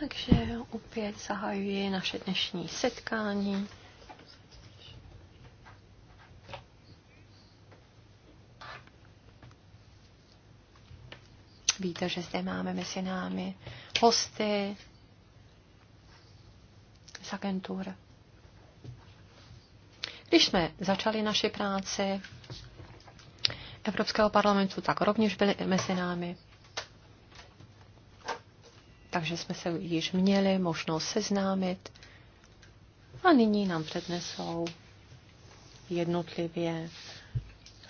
Takže opět zahajuji naše dnešní setkání. Víte, že zde máme mezi námi hosty z agentur. Když jsme začali naši práci Evropského parlamentu, tak rovněž byli mezi námi takže jsme se již měli možnost seznámit a nyní nám přednesou jednotlivě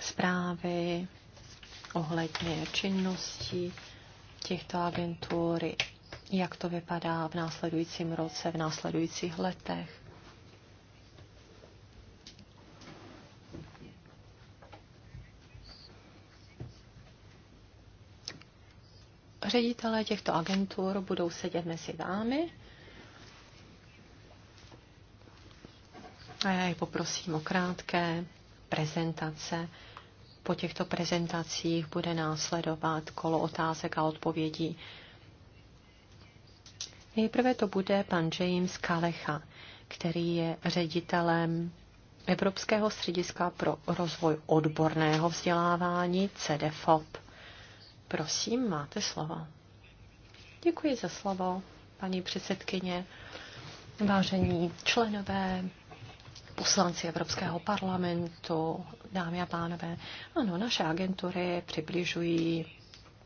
zprávy ohledně činnosti těchto agentury, jak to vypadá v následujícím roce, v následujících letech. ředitelé těchto agentur budou sedět mezi vámi. A já je poprosím o krátké prezentace. Po těchto prezentacích bude následovat kolo otázek a odpovědí. Nejprve to bude pan James Kalecha, který je ředitelem Evropského střediska pro rozvoj odborného vzdělávání CDFOP. Prosím, máte slovo. Děkuji za slovo, paní předsedkyně, vážení členové, poslanci Evropského parlamentu, dámy a pánové. Ano, naše agentury přibližují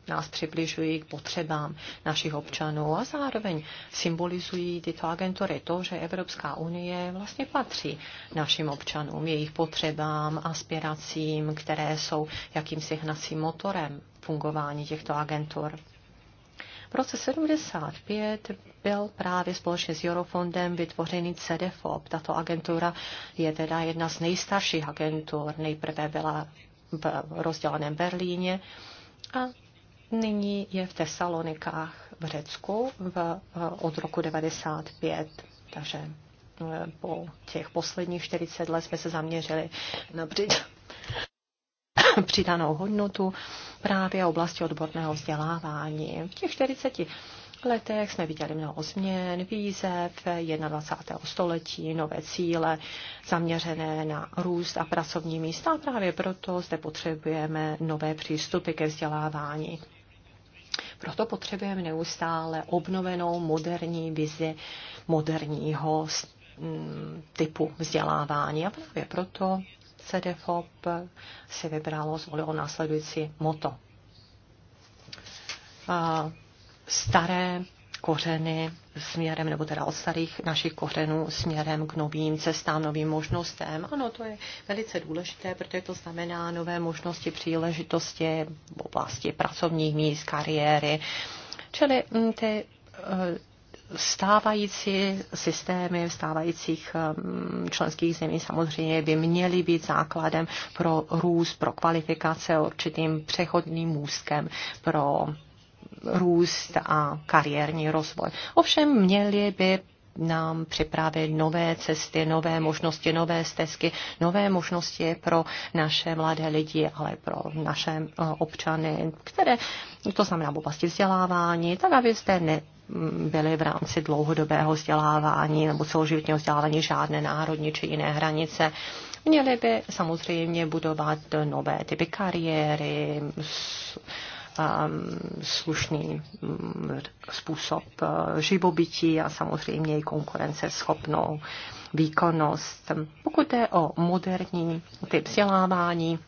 nás přibližují k potřebám našich občanů a zároveň symbolizují tyto agentury to, že Evropská unie vlastně patří našim občanům, jejich potřebám, aspiracím, které jsou jakýmsi hnacím motorem fungování těchto agentur. V roce 75 byl právě společně s Eurofondem vytvořený CDFOP. Tato agentura je teda jedna z nejstarších agentur. Nejprve byla v rozděleném Berlíně a nyní je v Tesalonikách v Řecku v, od roku 95. Takže eh, po těch posledních 40 let jsme se zaměřili například přidanou hodnotu právě v oblasti odborného vzdělávání. V těch 40 letech jsme viděli mnoho změn, výzev 21. století, nové cíle zaměřené na růst a pracovní místa. A právě proto zde potřebujeme nové přístupy ke vzdělávání. Proto potřebujeme neustále obnovenou moderní vizi moderního typu vzdělávání. A právě proto CDFOP si vybralo, zvolilo následující moto. A staré kořeny směrem, nebo teda od starých našich kořenů směrem k novým cestám, novým možnostem. Ano, to je velice důležité, protože to znamená nové možnosti, příležitosti v oblasti pracovních míst, kariéry. Čili mm, ty eh, stávající systémy stávajících um, členských zemí samozřejmě by měly být základem pro růst, pro kvalifikace, určitým přechodným úzkem pro růst a kariérní rozvoj. Ovšem měli by nám připravit nové cesty, nové možnosti, nové stezky, nové možnosti pro naše mladé lidi, ale pro naše uh, občany, které, to znamená v oblasti vzdělávání, tak abyste ne, byly v rámci dlouhodobého vzdělávání nebo celoživotního vzdělávání žádné národní či jiné hranice. Měly by samozřejmě budovat nové typy kariéry, um, slušný mm, způsob uh, živobytí a samozřejmě i konkurenceschopnou výkonnost. Pokud jde o moderní typ vzdělávání,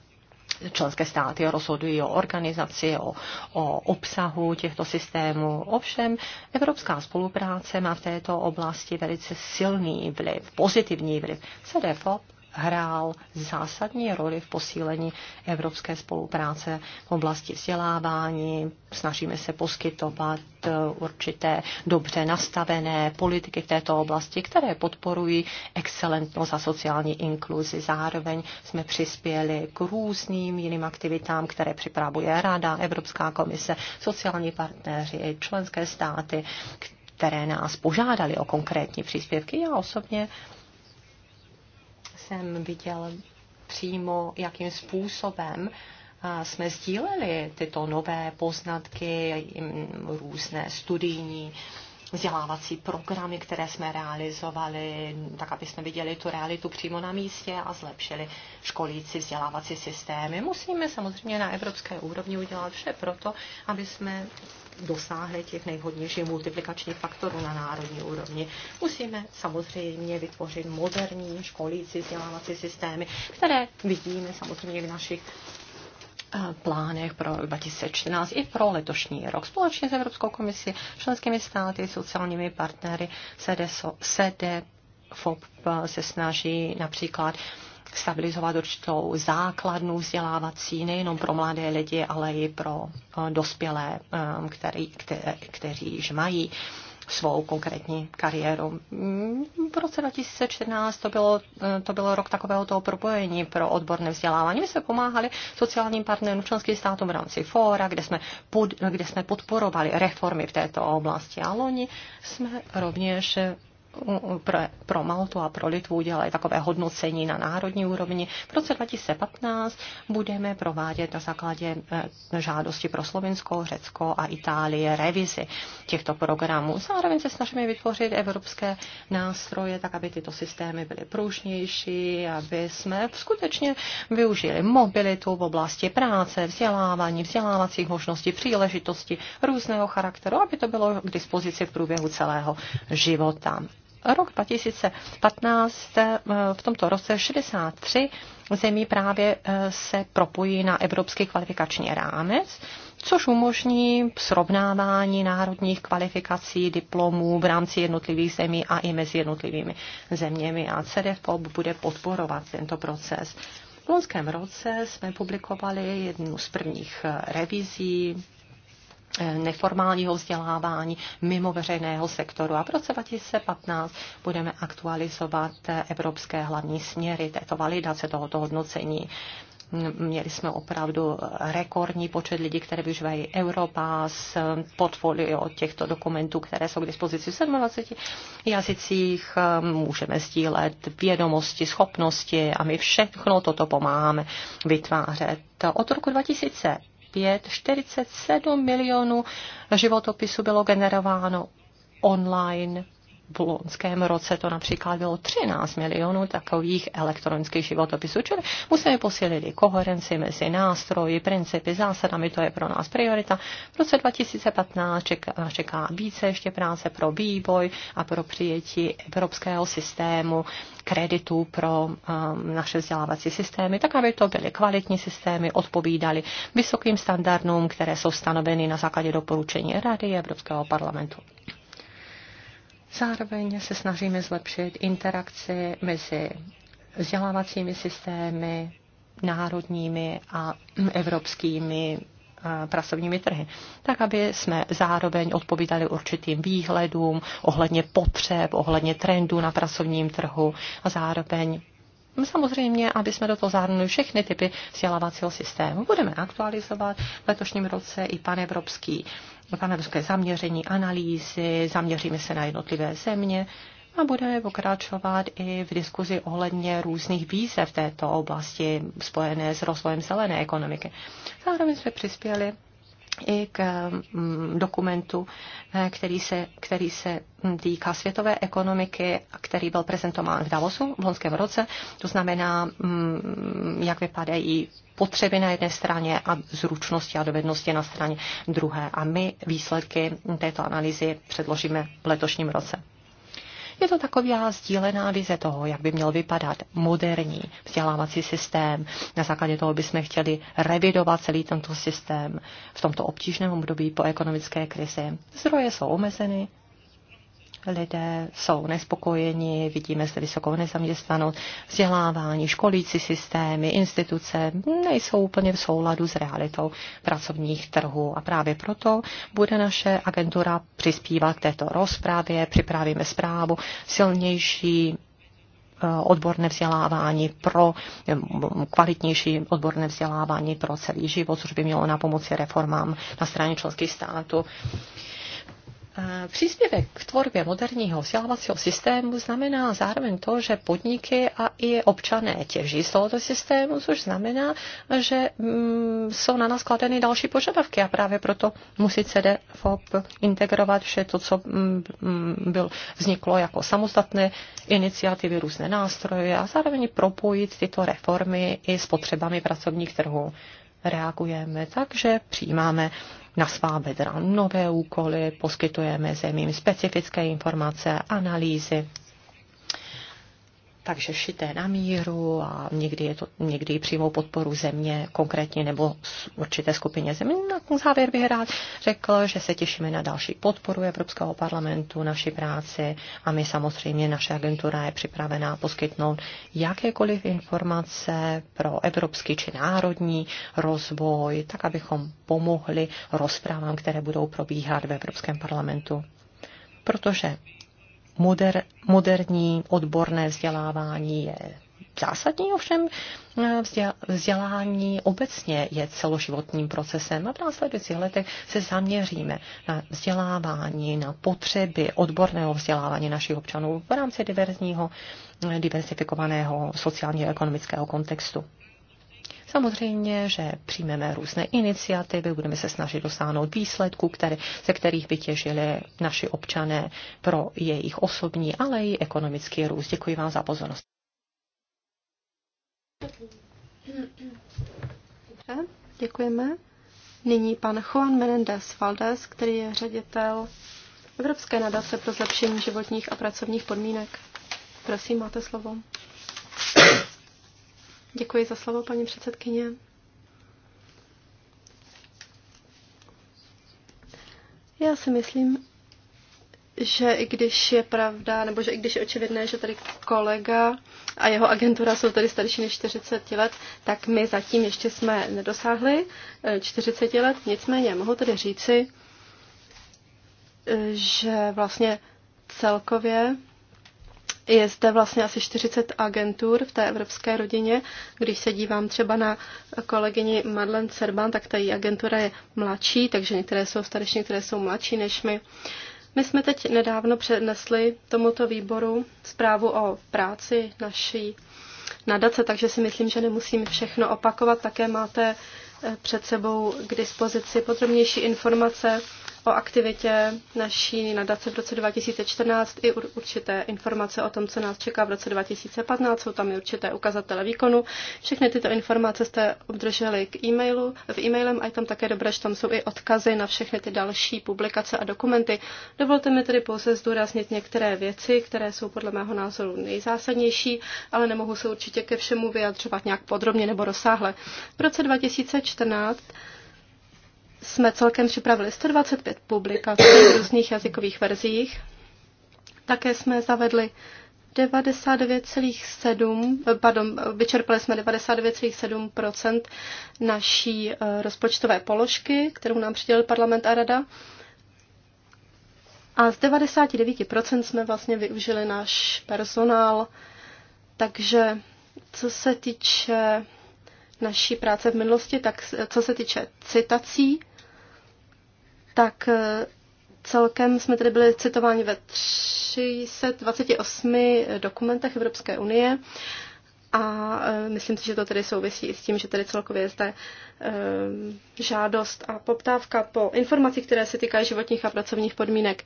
členské státy rozhodují o organizaci, o, o obsahu těchto systémů. Ovšem, evropská spolupráce má v této oblasti velice silný vliv, pozitivní vliv. CDFOP hrál zásadní roli v posílení evropské spolupráce v oblasti vzdělávání. Snažíme se poskytovat eh, určité dobře nastavené politiky v této oblasti, které podporují excelentnost a sociální inkluzi. Zároveň jsme přispěli k různým jiným aktivitám, které připravuje Rada, Evropská komise, sociální partneři, členské státy, které nás požádali o konkrétní příspěvky. Já osobně jsem viděl přímo, jakým způsobem jsme sdíleli tyto nové poznatky, různé studijní vzdělávací programy, které jsme realizovali, tak aby jsme viděli tu realitu přímo na místě a zlepšili školící vzdělávací systémy. Musíme samozřejmě na evropské úrovni udělat vše proto, aby jsme dosáhli těch nejhodnějších multiplikačních faktorů na národní úrovni. Musíme samozřejmě vytvořit moderní školící vzdělávací systémy, které vidíme samozřejmě v našich eh, plánech pro 2014 i pro letošní rok. Společně s Evropskou komisí, členskými státy, sociálními partnery, SEDESO, eh, se snaží například stabilizovat určitou základnu vzdělávací nejenom pro mladé lidi, ale i pro eh, dospělé, eh, který, kte, kteří již mají svou konkrétní kariéru. Mm, v roce 2014 to bylo, eh, to bylo rok takového toho propojení pro odborné vzdělávání. My jsme pomáhali sociálním partnerům členským státům v rámci fóra, kde jsme, pod, kde jsme podporovali reformy v této oblasti. A loni jsme rovněž pro, pro Maltu a pro Litvu udělali takové hodnocení na národní úrovni. V roce 2015 budeme provádět na základě eh, žádosti pro Slovinsko, Řecko a Itálie revizi těchto programů. Zároveň se snažíme vytvořit evropské nástroje, tak aby tyto systémy byly pružnější, aby jsme skutečně využili mobilitu v oblasti práce, vzdělávání, vzdělávacích možností, příležitosti různého charakteru, aby to bylo k dispozici v průběhu celého života rok 2015 eh, v tomto roce 63 zemí právě eh, se propojí na evropský kvalifikační rámec, což umožní srovnávání národních kvalifikací, diplomů v rámci jednotlivých zemí a i mezi jednotlivými zeměmi. A CDFOB bude podporovat tento proces. V loňském roce jsme publikovali jednu z prvních eh, revizí Eh, neformálního vzdělávání mimo veřejného sektoru. A v roce 2015 budeme aktualizovat eh, evropské hlavní směry této validace, tohoto hodnocení. Měli jsme opravdu rekordní počet lidí, které využívají z portfolio těchto dokumentů, které jsou k dispozici v 27 jazycích. Můžeme sdílet vědomosti, schopnosti a my všechno toto pomáháme vytvářet. Od roku 2000 2005 47 milionů životopisů bylo generováno online v loňském roce to například bylo 13 milionů takových elektronických životopisů. Čili musíme posílit i koherenci mezi nástroji, principy, zásadami, to je pro nás priorita. V roce 2015 čeká, čeká více ještě práce pro výboj a pro přijetí evropského systému kreditů pro um, naše vzdělávací systémy, tak aby to byly kvalitní systémy, odpovídaly vysokým standardům, které jsou stanoveny na základě doporučení Rady Evropského parlamentu. Zároveň se snažíme zlepšit interakci mezi vzdělávacími systémy, národními a evropskými eh, pracovními trhy, tak aby jsme zároveň odpovídali určitým výhledům ohledně potřeb, ohledně trendů na pracovním trhu a zároveň Samozřejmě, aby jsme do toho zahrnuli všechny typy vzdělávacího systému. Budeme aktualizovat v letošním roce i panevropský panevské zaměření, analýzy, zaměříme se na jednotlivé země a budeme pokračovat i v diskuzi ohledně různých výzev této oblasti spojené s rozvojem zelené ekonomiky. Zároveň jsme přispěli i k mm, dokumentu, eh, který se, který se mm, týká světové ekonomiky, který byl prezentován v Davosu v loňském roce. To znamená, mm, jak vypadají potřeby na jedné straně a zručnosti a dovednosti na straně druhé. A my výsledky této analýzy předložíme v letošním roce. Je to taková sdílená vize toho, jak by měl vypadat moderní vzdělávací systém. Na základě toho bychom chtěli revidovat celý tento systém v tomto obtížném období po ekonomické krizi. Zdroje jsou omezeny, lidé jsou nespokojeni, vidíme zde vysokou nezaměstnanost, vzdělávání, školící systémy, instituce nejsou úplně v souladu s realitou pracovních trhů. A právě proto bude naše agentura přispívat k této rozprávě, připravíme zprávu silnější eh, odborné vzdělávání pro eh, kvalitnější odborné vzdělávání pro celý život, což by mělo na pomoci reformám na straně členských států. Příspěvek k tvorbě moderního vzdělávacího systému znamená zároveň to, že podniky a i občané těží z tohoto systému, což znamená, že mm, jsou na nás kladeny další požadavky a právě proto musí CDFOP integrovat vše to, co mm, mm, byl, vzniklo jako samostatné iniciativy, různé nástroje a zároveň propojit tyto reformy i s potřebami pracovních trhů reagujeme tak, že přijímáme na svá bedra nové úkoly, poskytujeme zemím specifické informace, analýzy takže šité na míru a někdy, je to, někdy přímou podporu země konkrétně nebo určité skupině zemí. Na závěr bych rád řekl, že se těšíme na další podporu Evropského parlamentu, naší práci a my samozřejmě, naše agentura je připravená poskytnout jakékoliv informace pro evropský či národní rozvoj, tak abychom pomohli rozprávám, které budou probíhat v Evropském parlamentu. Protože moder, moderní odborné vzdělávání je zásadní, ovšem eh, vzdělání obecně je celoživotním procesem a v následujících letech se zaměříme na vzdělávání, na potřeby odborného vzdělávání našich občanů v rámci diverzního, eh, diversifikovaného sociálně-ekonomického kontextu. Samozřejmě, že přijmeme různé iniciativy, budeme se snažit dosáhnout výsledků, které, ze kterých by těžili naši občané pro jejich osobní, ale i ekonomický růst. Děkuji vám za pozornost. děkujeme. Nyní pan Juan Menendez Valdez, který je ředitel Evropské nadace pro zlepšení životních a pracovních podmínek. Prosím, máte slovo. Děkuji za slovo, paní předsedkyně. Já si myslím, že i když je pravda, nebo že i když je očividné, že tady kolega a jeho agentura jsou tady starší než 40 let, tak my zatím ještě jsme nedosáhli 40 eh, let. Nicméně mohu tedy říci, eh, že vlastně celkově je zde vlastně asi 40 agentur v té evropské rodině. Když se dívám třeba na kolegyni Madlen Serban, tak ta její agentura je mladší, takže některé jsou starší, některé jsou mladší než my. My jsme teď nedávno přednesli tomuto výboru zprávu o práci naší nadace, takže si myslím, že nemusím všechno opakovat. Také máte eh, před sebou k dispozici podrobnější informace o aktivitě naší nadace v roce 2014 i určité informace o tom, co nás čeká v roce 2015. Jsou tam i určité ukazatele výkonu. Všechny tyto informace jste obdrželi k e-mailu, v e-mailem a je tam také dobré, že tam jsou i odkazy na všechny ty další publikace a dokumenty. Dovolte mi tedy pouze zdůraznit některé věci, které jsou podle mého názoru nejzásadnější, ale nemohu se určitě ke všemu vyjadřovat nějak podrobně nebo rozsáhle. V roce 2014 jsme celkem připravili 125 publikací v různých jazykových verzích. Také jsme zavedli 99,7, pardon, vyčerpali jsme 99,7 naší eh, rozpočtové položky, kterou nám přidělil parlament a rada. A z 99% jsme vlastně využili náš personál, takže co se týče naší práce v minulosti, tak co se týče citací, tak e, celkem jsme tedy byli citováni ve 328 dokumentech Evropské unie a e, myslím si, že to tedy souvisí i s tím, že tedy celkově je zde e, žádost a poptávka po informacích, které se týkají životních a pracovních podmínek.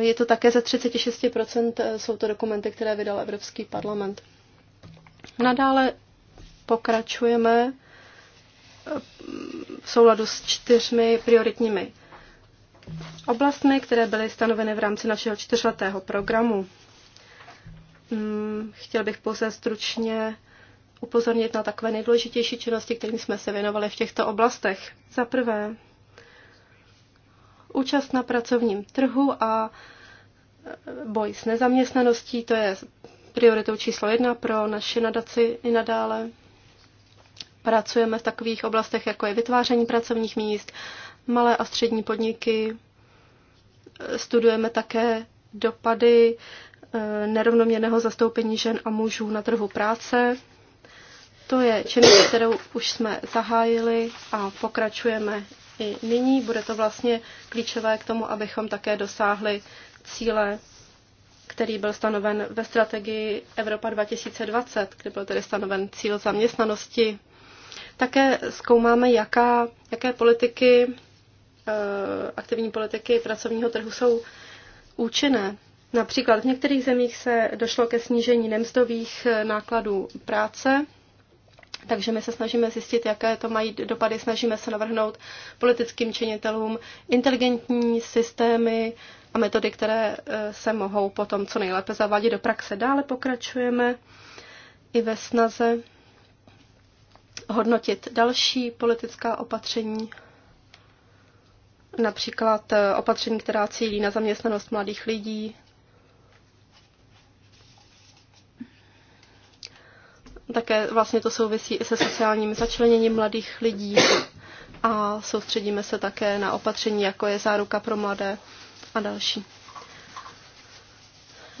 Je to také ze 36% jsou to dokumenty, které vydal Evropský parlament. Nadále pokračujeme eh, v souladu s čtyřmi prioritními oblastmi, které byly stanoveny v rámci našeho čtyřletého programu. Hmm, chtěl bych pouze stručně upozornit na takové nejdůležitější činnosti, kterým jsme se věnovali v těchto oblastech. Za prvé, účast na pracovním trhu a boj s nezaměstnaností, to je prioritou číslo jedna pro naši nadaci i nadále. Pracujeme v takových oblastech, jako je vytváření pracovních míst, malé a střední podniky. Studujeme také dopady eh, nerovnoměrného zastoupení žen a mužů na trhu práce. To je činnost, kterou už jsme zahájili a pokračujeme i nyní. Bude to vlastně klíčové k tomu, abychom také dosáhli cíle který byl stanoven ve strategii Evropa 2020, kde byl tedy stanoven cíl zaměstnanosti. Také zkoumáme, jaká, jaké politiky, eh, aktivní politiky pracovního trhu jsou účinné. Například v některých zemích se došlo ke snížení nemzdových eh, nákladů práce, takže my se snažíme zjistit, jaké to mají dopady, snažíme se navrhnout politickým činitelům inteligentní systémy a metody, které e, se mohou potom co nejlépe zavádět do praxe. Dále pokračujeme i ve snaze hodnotit další politická opatření, například e, opatření, která cílí na zaměstnanost mladých lidí, také vlastně to souvisí i se sociálním začleněním mladých lidí a soustředíme se také na opatření, jako je záruka pro mladé a další.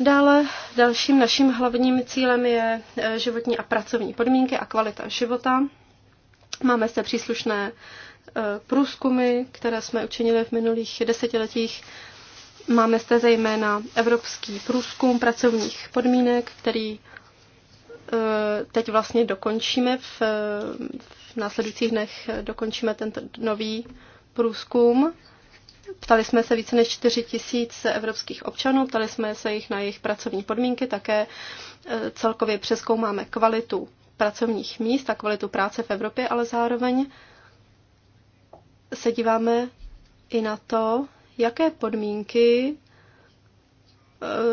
Dále dalším naším hlavním cílem je e, životní a pracovní podmínky a kvalita života. Máme se příslušné e, průzkumy, které jsme učinili v minulých desetiletích. Máme zde zejména evropský průzkum pracovních podmínek, který e, teď vlastně dokončíme, v, v následujících dnech dokončíme tento nový průzkum. Ptali jsme se více než 4 tisíc evropských občanů, ptali jsme se jich na jejich pracovní podmínky, také e, celkově přeskoumáme kvalitu pracovních míst a kvalitu práce v Evropě, ale zároveň se díváme i na to, jaké podmínky e,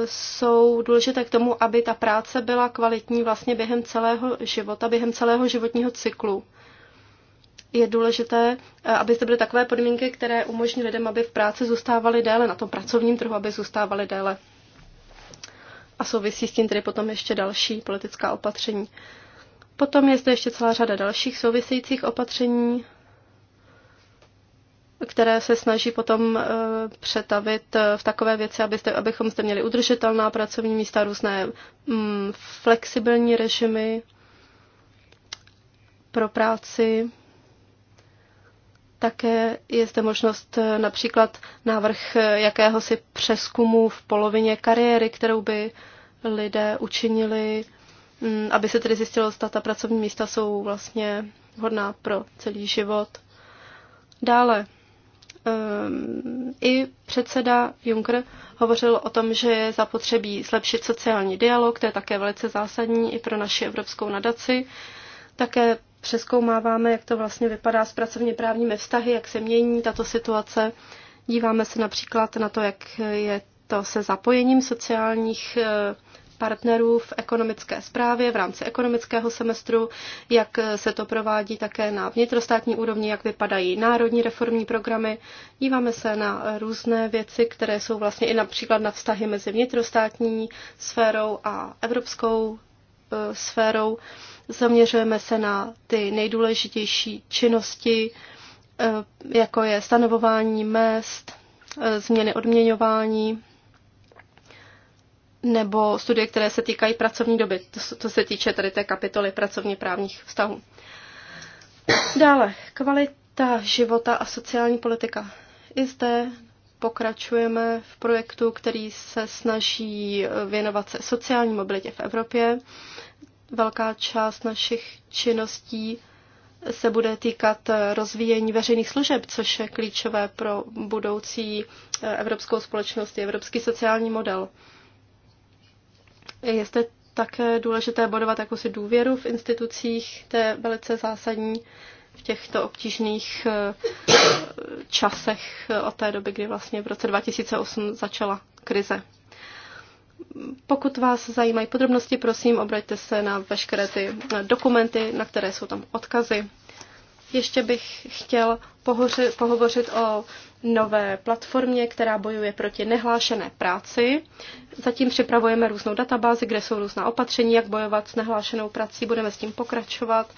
jsou důležité k tomu, aby ta práce byla kvalitní vlastně během celého života, během celého životního cyklu je důležité, eh, aby zde byly takové podmínky, které umožní lidem, aby v práci zůstávali déle, na tom pracovním trhu, aby zůstávali déle. A souvisí s tím tedy potom ještě další politická opatření. Potom je zde ještě celá řada dalších souvisejících opatření, které se snaží potom eh, přetavit eh, v takové věci, abyste, abychom zde měli udržitelná pracovní místa, různé mm, flexibilní režimy pro práci. Také je zde možnost eh, například návrh eh, jakéhosi přeskumu v polovině kariéry, kterou by lidé učinili, mm, aby se tedy zjistilo, zda ta pracovní místa jsou vlastně hodná pro celý život. Dále ehm, i předseda Juncker hovořil o tom, že je zapotřebí zlepšit sociální dialog, to je také velice zásadní i pro naši evropskou nadaci. Také přeskoumáváme, jak to vlastně vypadá s pracovně právními vztahy, jak se mění tato situace. Díváme se například na to, jak je to se zapojením sociálních eh, partnerů v ekonomické správě v rámci ekonomického semestru, jak eh, se to provádí také na vnitrostátní úrovni, jak vypadají národní reformní programy. Díváme se na různé věci, které jsou vlastně i například na vztahy mezi vnitrostátní sférou a evropskou E, sférou. Zaměřujeme se na ty nejdůležitější činnosti, e, jako je stanovování mest, e, změny odměňování nebo studie, které se týkají pracovní doby, to, to se týče tady té kapitoly pracovně právních vztahů. Dále, kvalita života a sociální politika. I zde pokračujeme v projektu, který se snaží věnovat se sociální mobilitě v Evropě. Velká část našich činností se bude týkat rozvíjení veřejných služeb, což je klíčové pro budoucí eh, evropskou společnost, evropský sociální model. Je zde také důležité bodovat jakousi důvěru v institucích, to je velice zásadní v těchto obtížných eh, časech eh, od té doby, kdy vlastně v roce 2008 začala krize. Pokud vás zajímají podrobnosti, prosím, obraťte se na veškeré ty eh, dokumenty, na které jsou tam odkazy. Ještě bych chtěl pohoři, pohovořit o nové platformě, která bojuje proti nehlášené práci. Zatím připravujeme různou databázi, kde jsou různá opatření, jak bojovat s nehlášenou prací. Budeme s tím pokračovat. Uh,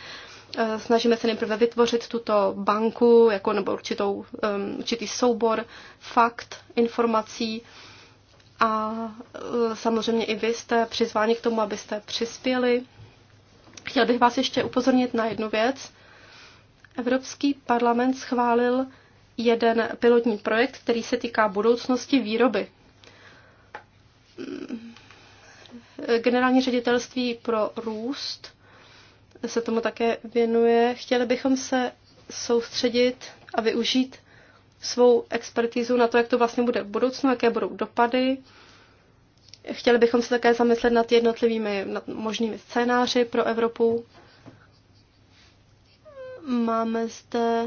Eh, snažíme se nejprve vytvořit tuto banku jako nebo určitou, um, určitý soubor fakt, informací a eh, samozřejmě i vy jste přizváni k tomu, abyste přispěli. Chtěl bych vás ještě upozornit na jednu věc. Evropský parlament schválil jeden pilotní projekt, který se týká budoucnosti výroby. Generální ředitelství pro růst se tomu také věnuje. Chtěli bychom se soustředit a využít svou expertizu na to, jak to vlastně bude v budoucnu, jaké budou dopady. Chtěli bychom se také zamyslet nad jednotlivými nad možnými scénáři pro Evropu. Máme zde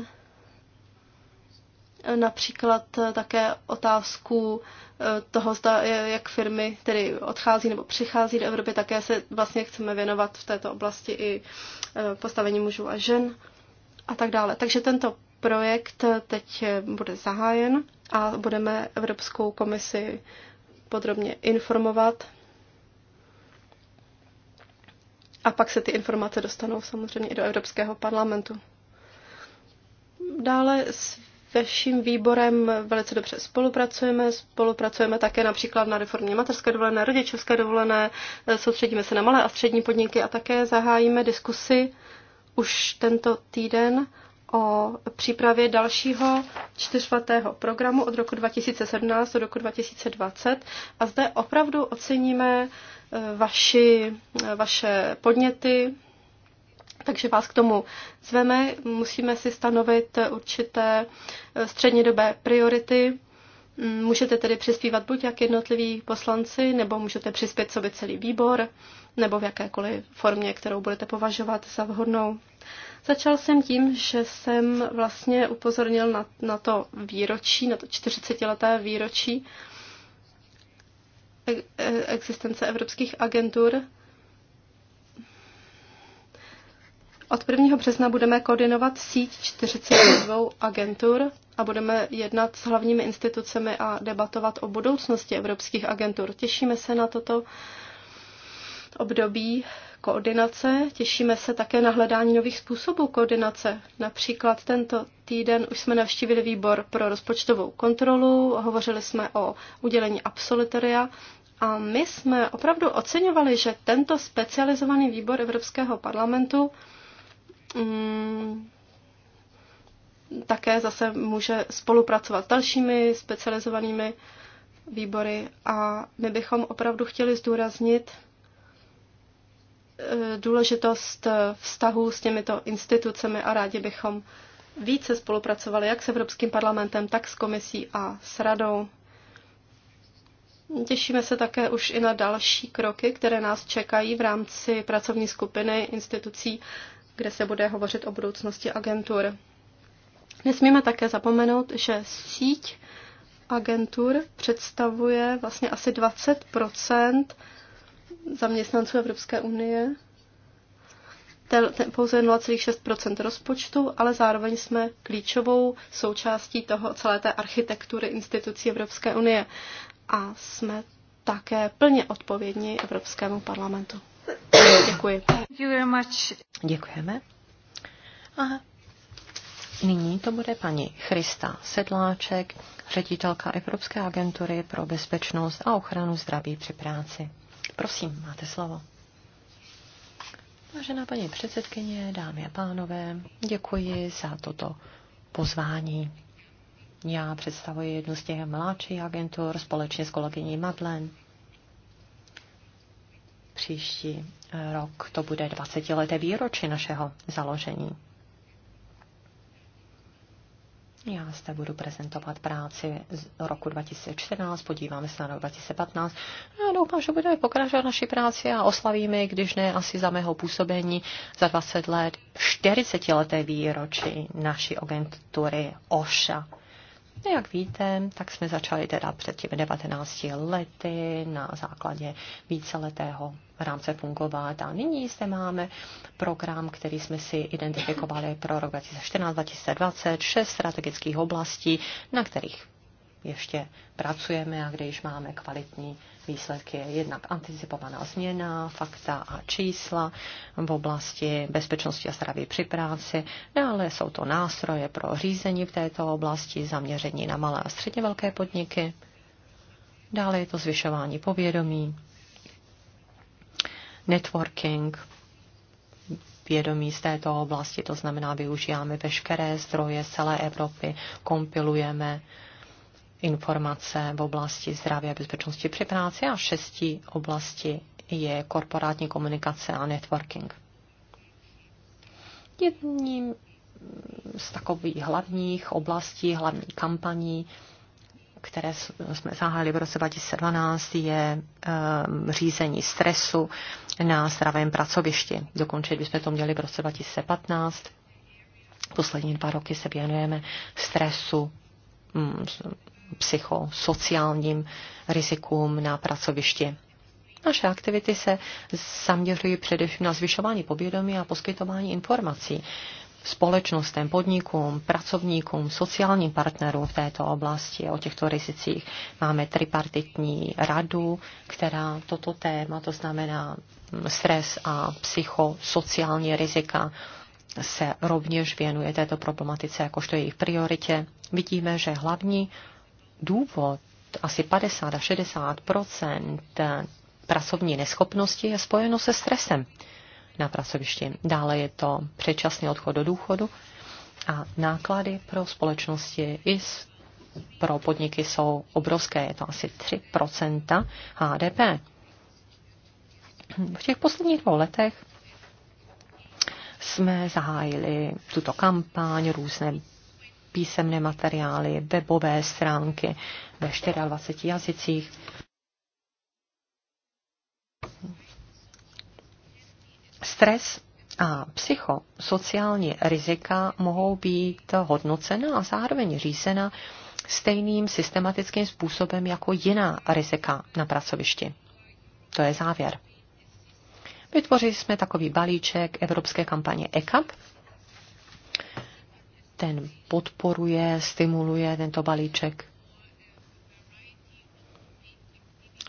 například eh, také otázku eh, toho, eh, jak firmy tedy odchází nebo přichází do Evropy, také se vlastně chceme věnovat v této oblasti i postavení mužů a žen a tak dále. Takže tento projekt teď bude zahájen a budeme Evropskou komisi podrobně informovat. A pak se ty informace dostanou samozřejmě i do Evropského parlamentu. Dále vším výborem velice dobře spolupracujeme. Spolupracujeme také například na reformě materské dovolené, rodičovské dovolené, soustředíme se na malé a střední podniky a také zahájíme diskusy už tento týden o přípravě dalšího čtyřletého programu od roku 2017 do roku 2020. A zde opravdu oceníme eh, vaši, eh, vaše podněty, takže vás k tomu zveme, musíme si stanovit určité eh, střednědobé priority. Mm, můžete tedy přispívat buď jak jednotliví poslanci, nebo můžete přispět sobě celý výbor, nebo v jakékoliv formě, kterou budete považovat za vhodnou. Začal jsem tím, že jsem vlastně upozornil na, na to výročí, na to 40-leté výročí e, e, existence evropských agentur, Od 1. března budeme koordinovat síť 42 agentur a budeme jednat s hlavními institucemi a debatovat o budoucnosti evropských agentur. Těšíme se na toto období koordinace. Těšíme se také na hledání nových způsobů koordinace. Například tento týden už jsme navštívili výbor pro rozpočtovou kontrolu, hovořili jsme o udělení absolutoria a my jsme opravdu oceňovali, že tento specializovaný výbor Evropského parlamentu Mm, také zase může spolupracovat s dalšími specializovanými výbory a my bychom opravdu chtěli zdůraznit eh, důležitost vztahu s těmito institucemi a rádi bychom více spolupracovali jak s Evropským parlamentem, tak s komisí a s radou. Těšíme se také už i na další kroky, které nás čekají v rámci pracovní skupiny institucí kde se bude hovořit o budoucnosti agentur. Nesmíme také zapomenout, že síť agentur představuje vlastně asi 20 zaměstnanců Evropské unie, ten, ten, pouze 0,6 rozpočtu, ale zároveň jsme klíčovou součástí toho celé té architektury institucí Evropské unie a jsme také plně odpovědní Evropskému parlamentu. Děkuji. Thank you very much. Děkujeme. A nyní to bude paní Christa Sedláček, ředitelka Evropské agentury pro bezpečnost a ochranu zdraví při práci. Prosím, máte slovo. Vážená paní předsedkyně, dámy a pánové, děkuji za toto pozvání. Já představuji jednu z těch mladších agentur společně s kolegyní Madlen. Příští eh, rok to bude 20 leté výročí našeho založení. Já zde budu prezentovat práci z roku 2014, podíváme se na rok 2015. Já doufám, že budeme pokračovat naší práci a oslavíme, když ne asi za mého působení, za 20 let 40 leté výročí naší agentury OŠA. No, jak víte, tak jsme začali teda před těmi 19 lety na základě víceletého rámce fungovat a nyní zde máme program, který jsme si identifikovali pro rok 2014-2020, šest strategických oblastí, na kterých ještě pracujeme a kde již máme kvalitní výsledky. Jednak anticipovaná změna, fakta a čísla v oblasti bezpečnosti a zdraví při práci, dále no jsou to nástroje pro řízení v této oblasti, zaměření na malé a středně velké podniky, dále je to zvyšování povědomí, networking, vědomí z této oblasti, to znamená, využíváme veškeré zdroje z celé Evropy, kompilujeme informace v oblasti zdraví a bezpečnosti při práci a šestí oblasti je korporátní komunikace a networking. Jedním z takových hlavních oblastí, hlavní kampaní, které jsme zahájili v roce 2012, je um, řízení stresu na zdravém pracovišti. Dokončit bychom to měli v roce 2015. Poslední dva roky se věnujeme stresu hm, psychosociálním rizikům na pracovišti. Naše aktivity se zaměřují především na zvyšování povědomí a poskytování informací společnostem, podnikům, pracovníkům, sociálním partnerům v této oblasti o těchto rizicích. Máme tripartitní radu, která toto téma, to znamená stres a psychosociální rizika, se rovněž věnuje této problematice jakožto jejich prioritě. Vidíme, že hlavní důvod asi 50 a 60 pracovní neschopnosti je spojeno se stresem na pracovišti. Dále je to předčasný odchod do důchodu a náklady pro společnosti i pro podniky jsou obrovské. Je to asi 3 HDP. V těch posledních dvou letech jsme zahájili tuto kampaň, různé písemné materiály, webové stránky ve 24 jazycích. Stres a psychosociální rizika mohou být hodnocena a zároveň řízena stejným systematickým způsobem jako jiná rizika na pracovišti. To je závěr. Vytvořili jsme takový balíček evropské kampaně ECAP, ten podporuje, stimuluje tento balíček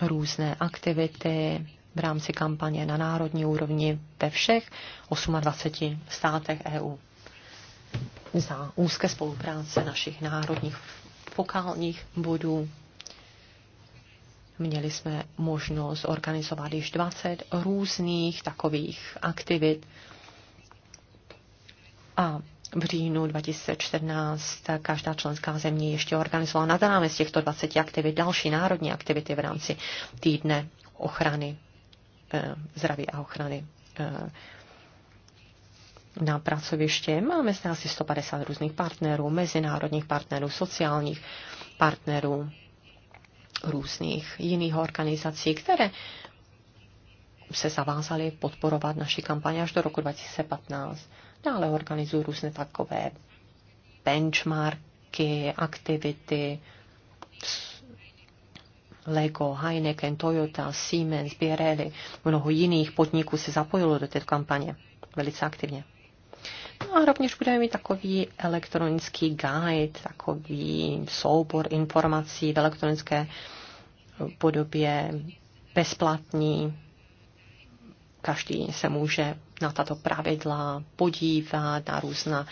různé aktivity v rámci kampaně na národní úrovni ve všech 28 státech EU za úzké spolupráce našich národních fokálních bodů. Měli jsme možnost organizovat již 20 různých takových aktivit a v říjnu 2014 každá členská země ještě organizovala nad rámec těchto 20 aktivit další národní aktivity v rámci týdne ochrany eh, zdraví a ochrany eh, na pracoviště. Máme zde asi 150 různých partnerů, mezinárodních partnerů, sociálních partnerů, různých jiných organizací, které se zavázaly podporovat naši kampaň až do roku 2015. Dále organizují různé takové benchmarky, aktivity, Lego, Heineken, Toyota, Siemens, Birelli, mnoho jiných podniků se zapojilo do této kampaně velice aktivně. No a rovněž budeme mít takový elektronický guide, takový soubor informací v elektronické podobě, bezplatný. Každý se může na tato pravidla podívat, na různá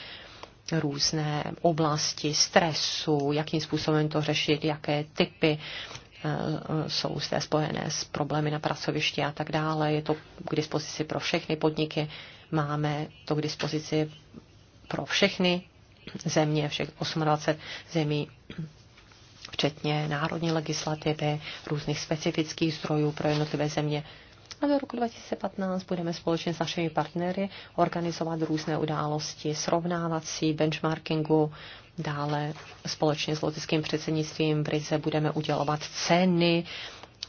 různé oblasti stresu, jakým způsobem to řešit, jaké typy eh, jsou zde spojené s problémy na pracovišti a tak dále. Je to k dispozici pro všechny podniky. Máme to k dispozici pro všechny země, všech 28 zemí, včetně národní legislativy, různých specifických zdrojů pro jednotlivé země. A do roku 2015 budeme společně s našimi partnery organizovat různé události, srovnávací, benchmarkingu, dále společně s lotickým předsednictvím v Rize budeme udělovat ceny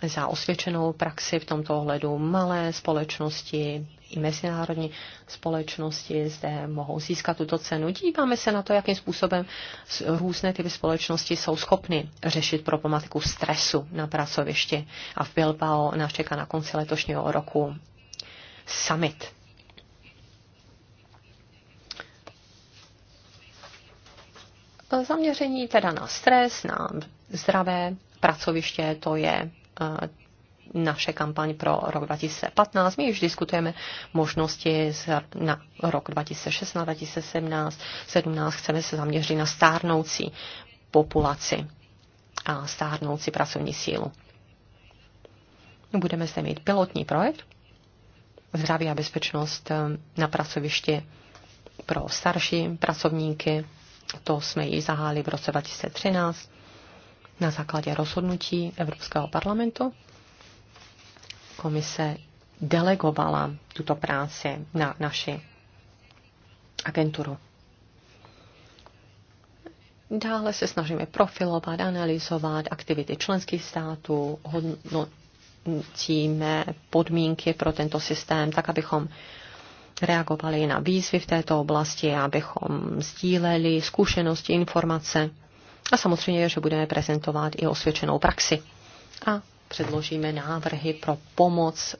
za osvědčenou praxi v tomto ohledu malé společnosti, i mezinárodní společnosti zde mohou získat tuto cenu. Díváme se na to, jakým způsobem různé typy společnosti jsou schopny řešit problematiku stresu na pracovišti. A v Bilbao nás čeká na konci letošního roku summit zaměření teda na stres, na zdravé pracoviště, to je eh, naše kampaň pro rok 2015. My již diskutujeme možnosti na rok 2016, 2017, 17. Chceme se zaměřit na stárnoucí populaci a stárnoucí pracovní sílu. Budeme zde mít pilotní projekt Zdraví a bezpečnost eh, na pracovišti pro starší pracovníky. To jsme ji zahájili v roce 2013 na základě rozhodnutí Evropského parlamentu komise delegovala tuto práci na naši agenturu. Dále se snažíme profilovat, analyzovat aktivity členských států, hodnotíme podmínky pro tento systém, tak abychom reagovali na výzvy v této oblasti, abychom sdíleli zkušenosti, informace a samozřejmě, že budeme prezentovat i osvědčenou praxi a předložíme návrhy pro pomoc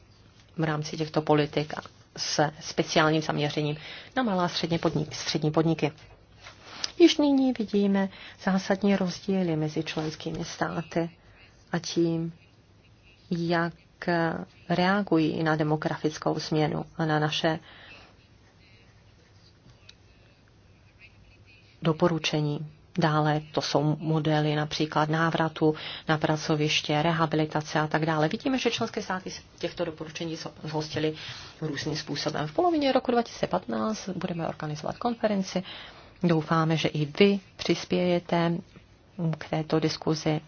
v rámci těchto politik se speciálním zaměřením na malá a střední, podnik, střední podniky. Již nyní vidíme zásadní rozdíly mezi členskými státy a tím, jak reagují na demografickou změnu a na naše doporučení Dále to jsou modely například návratu na pracoviště, rehabilitace a tak dále. Vidíme, že členské státy těchto doporučení zhostily různým způsobem. V polovině roku 2015 budeme organizovat konferenci. Doufáme, že i vy přispějete k této diskuzi.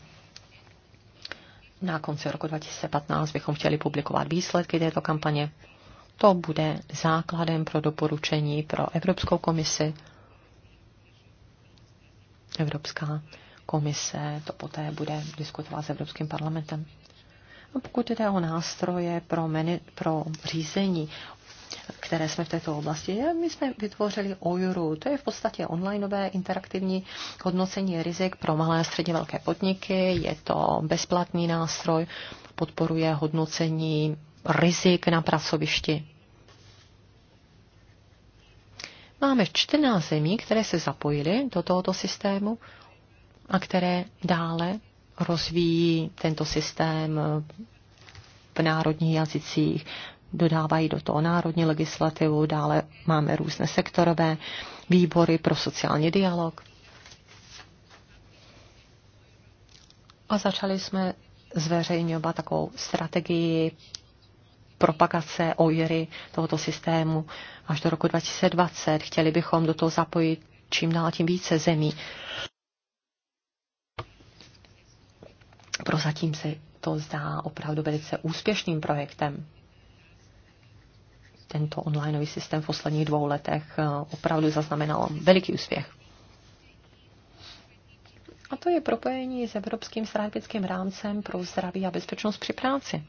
Na konci roku 2015 bychom chtěli publikovat výsledky této kampaně. To bude základem pro doporučení pro Evropskou komisi Evropská komise to poté bude diskutovat s Evropským parlamentem. A pokud jde o nástroje pro, meni, pro řízení, které jsme v této oblasti, my jsme vytvořili OJURu. To je v podstatě onlineové interaktivní hodnocení rizik pro malé a středně velké podniky. Je to bezplatný nástroj, podporuje hodnocení rizik na pracovišti Máme 14 zemí, které se zapojily do tohoto systému a které dále rozvíjí tento systém v národních jazycích, dodávají do toho národní legislativu, dále máme různé sektorové výbory pro sociální dialog. A začali jsme zveřejňovat takovou strategii propagace OIRy tohoto systému až do roku 2020. Chtěli bychom do toho zapojit čím dál tím více zemí. Prozatím se to zdá opravdu velice úspěšným projektem. Tento onlineový systém v posledních dvou letech eh, opravdu zaznamenal veliký úspěch. A to je propojení s Evropským strategickým rámcem pro zdraví a bezpečnost při práci.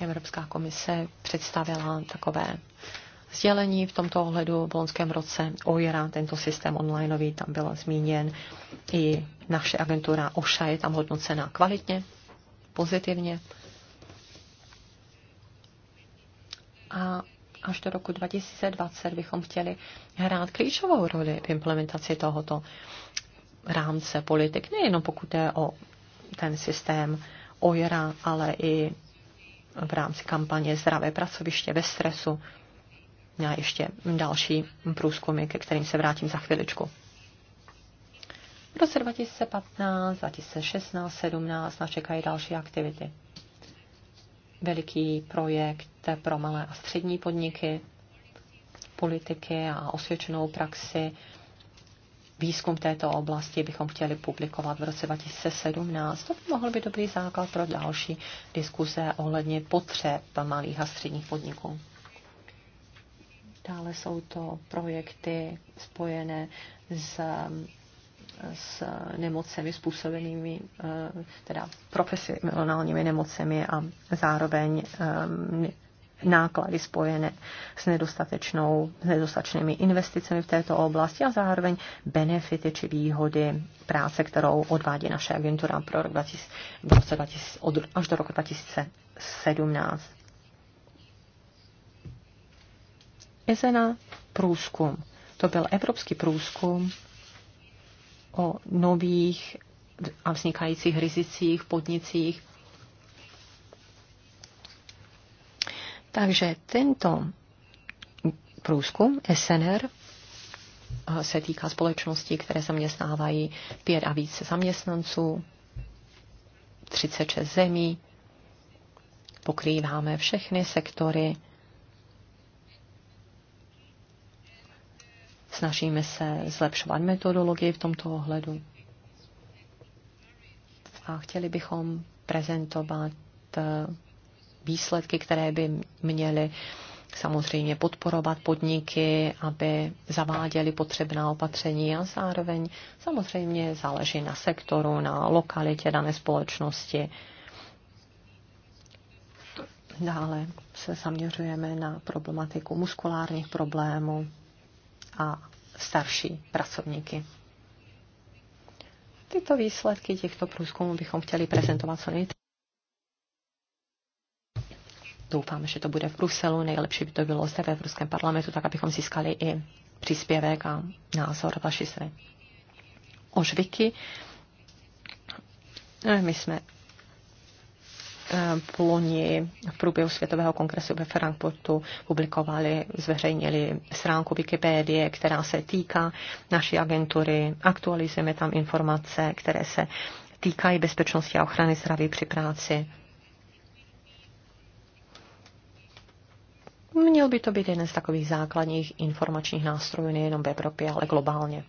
Evropská komise představila takové sdělení v tomto ohledu v loňském roce Ojera, tento systém onlineový, tam byl zmíněn i naše agentura OŠA je tam hodnocena kvalitně, pozitivně. A až do roku 2020 bychom chtěli hrát klíčovou roli v implementaci tohoto rámce politik, nejenom pokud je o ten systém Ojera, ale i v rámci kampaně Zdravé pracoviště ve stresu Měla ještě další průzkumy, ke kterým se vrátím za chviličku. V roce 2015, 2016, 2017 nás čekají další aktivity. Veliký projekt pro malé a střední podniky, politiky a osvědčenou praxi výzkum této oblasti bychom chtěli publikovat v roce 2017. To by mohl být dobrý základ pro další diskuse ohledně potřeb malých a středních podniků. Dále jsou to projekty spojené s, s nemocemi způsobenými, eh, teda profesionálními nemocemi a zároveň eh, náklady spojené s, nedostatečnou, s nedostatečnými investicemi v této oblasti a zároveň benefity či výhody práce, kterou odvádí naše agentura pro rok 20, 2000, až do roku 2017. Ezena průzkum. To byl evropský průzkum o nových a vznikajících rizicích, podnicích Takže tento průzkum SNR eh, se týká společností, které zaměstnávají pět a více zaměstnanců, 36 zemí, pokrýváme všechny sektory, snažíme se zlepšovat metodologii v tomto ohledu a chtěli bychom prezentovat eh, výsledky, které by měly samozřejmě podporovat podniky, aby zaváděly potřebná opatření a zároveň samozřejmě záleží na sektoru, na lokalitě dané společnosti. Dále se zaměřujeme na problematiku muskulárních problémů a starší pracovníky. Tyto výsledky těchto průzkumů bychom chtěli prezentovat co nejvíce doufám, že to bude v Bruselu, nejlepší by to bylo zde ve Evropském parlamentu, tak abychom získali i příspěvek a názor vaší strany. Ožviky. Eh, my jsme eh, v loni v průběhu Světového kongresu ve Frankfurtu publikovali, zveřejnili stránku Wikipédie, která se týká naší agentury. Aktualizujeme tam informace, které se týkají bezpečnosti a ochrany zdraví při práci. Měl by to být jeden z takových základních informačních nástrojů nejenom v Evropě, ale globálně.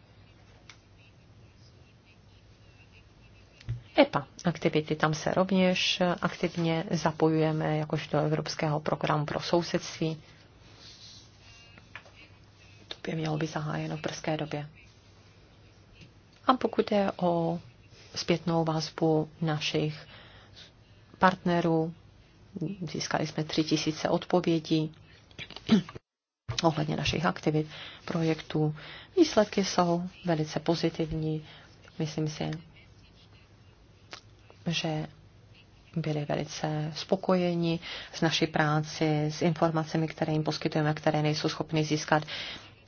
EPA aktivity. Tam se rovněž aktivně zapojujeme jakožto Evropského programu pro sousedství. To by mělo být zahájeno v brzké době. A pokud je o zpětnou vazbu našich partnerů, získali jsme 3000 odpovědí ohledně našich aktivit, projektů. Výsledky jsou velice pozitivní. Myslím si, že byli velice spokojeni s naší práci, s informacemi, které jim poskytujeme, které nejsou schopni získat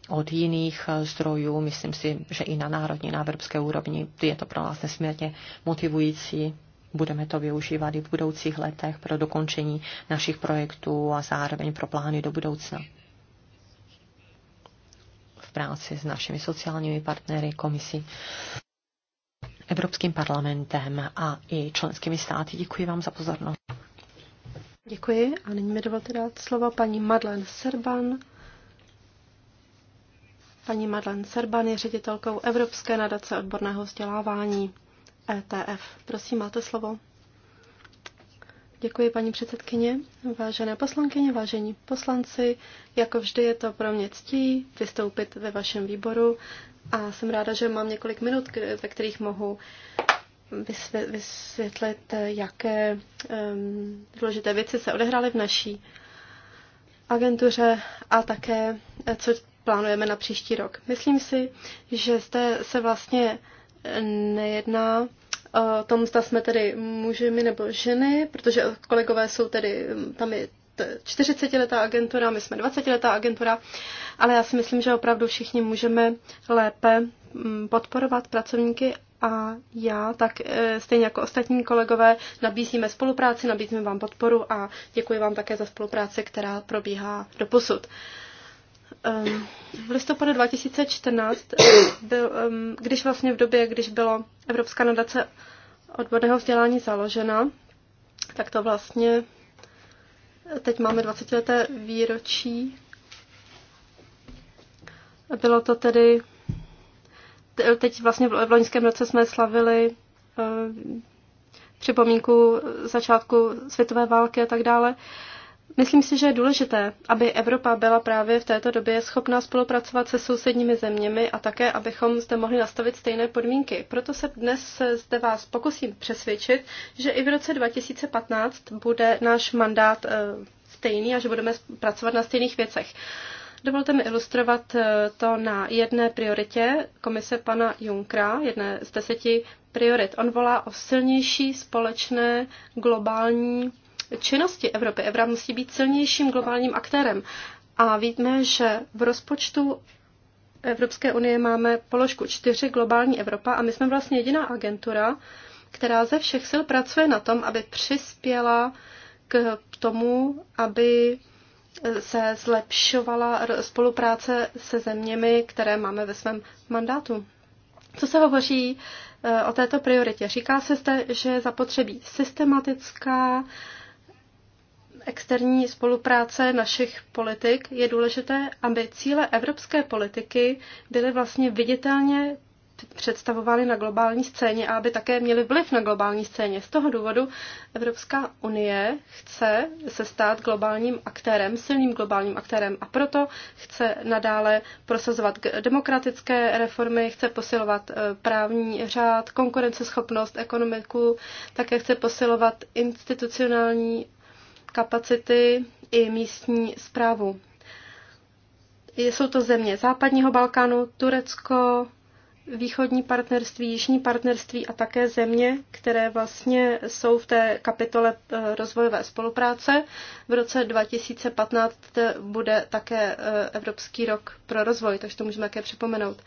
od jiných zdrojů. Myslím si, že i na národní, na evropské úrovni je to pro nás nesmírně motivující budeme to využívat i v budoucích letech pro dokončení našich projektů a zároveň pro plány do budoucna. V práci s našimi sociálními partnery, komisí, Evropským parlamentem a i členskými státy. Děkuji vám za pozornost. Děkuji a nyní mi dovolte dát slovo paní Madlen Serban. Paní Madlen Serban je ředitelkou Evropské nadace odborného vzdělávání. ETF. Prosím, máte slovo. Děkuji, paní předsedkyně. Vážené poslankyně, vážení poslanci, jako vždy je to pro mě ctí vystoupit ve vašem výboru a jsem ráda, že mám několik minut, ve kterých mohu vysvětlit, jaké um, důležité věci se odehrály v naší agentuře a také, co plánujeme na příští rok. Myslím si, že jste se vlastně nejedná o tom, zda jsme tedy muži nebo ženy, protože kolegové jsou tedy, tam je 40-letá agentura, my jsme 20-letá agentura, ale já si myslím, že opravdu všichni můžeme lépe mm, podporovat pracovníky a já, tak e, stejně jako ostatní kolegové, nabízíme spolupráci, nabízíme vám podporu a děkuji vám také za spolupráci, která probíhá do posud. Ehm, v listopadu 2014, eh, byl, ehm, když vlastně v době, když byla Evropská nadace odborného vzdělání založena, tak to vlastně teď máme 20 leté výročí. Bylo to tedy, teď vlastně v loňském roce jsme slavili ehm, připomínku začátku světové války a tak dále. Myslím si, že je důležité, aby Evropa byla právě v této době schopná spolupracovat se sousedními zeměmi a také, abychom zde mohli nastavit stejné podmínky. Proto se dnes zde vás pokusím přesvědčit, že i v roce 2015 bude náš mandát eh, stejný a že budeme pracovat na stejných věcech. Dovolte mi ilustrovat eh, to na jedné prioritě komise pana Junkra, jedné z deseti priorit. On volá o silnější společné globální činnosti Evropy. Evra musí být silnějším globálním aktérem. A víme, že v rozpočtu Evropské unie máme položku 4 Globální Evropa a my jsme vlastně jediná agentura, která ze všech sil pracuje na tom, aby přispěla k tomu, aby se zlepšovala spolupráce se zeměmi, které máme ve svém mandátu. Co se hovoří eh, o této prioritě? Říká se zde, že je zapotřebí systematická externí spolupráce našich politik je důležité, aby cíle evropské politiky byly vlastně viditelně představovány na globální scéně a aby také měly vliv na globální scéně. Z toho důvodu Evropská unie chce se stát globálním aktérem, silným globálním aktérem a proto chce nadále prosazovat demokratické reformy, chce posilovat e, právní řád, konkurenceschopnost, ekonomiku, také chce posilovat institucionální kapacity i místní zprávu. Jsou to země západního Balkánu, Turecko, východní partnerství, jižní partnerství a také země, které vlastně jsou v té kapitole eh, rozvojové spolupráce. V roce 2015 bude také eh, Evropský rok pro rozvoj, takže to můžeme také připomenout.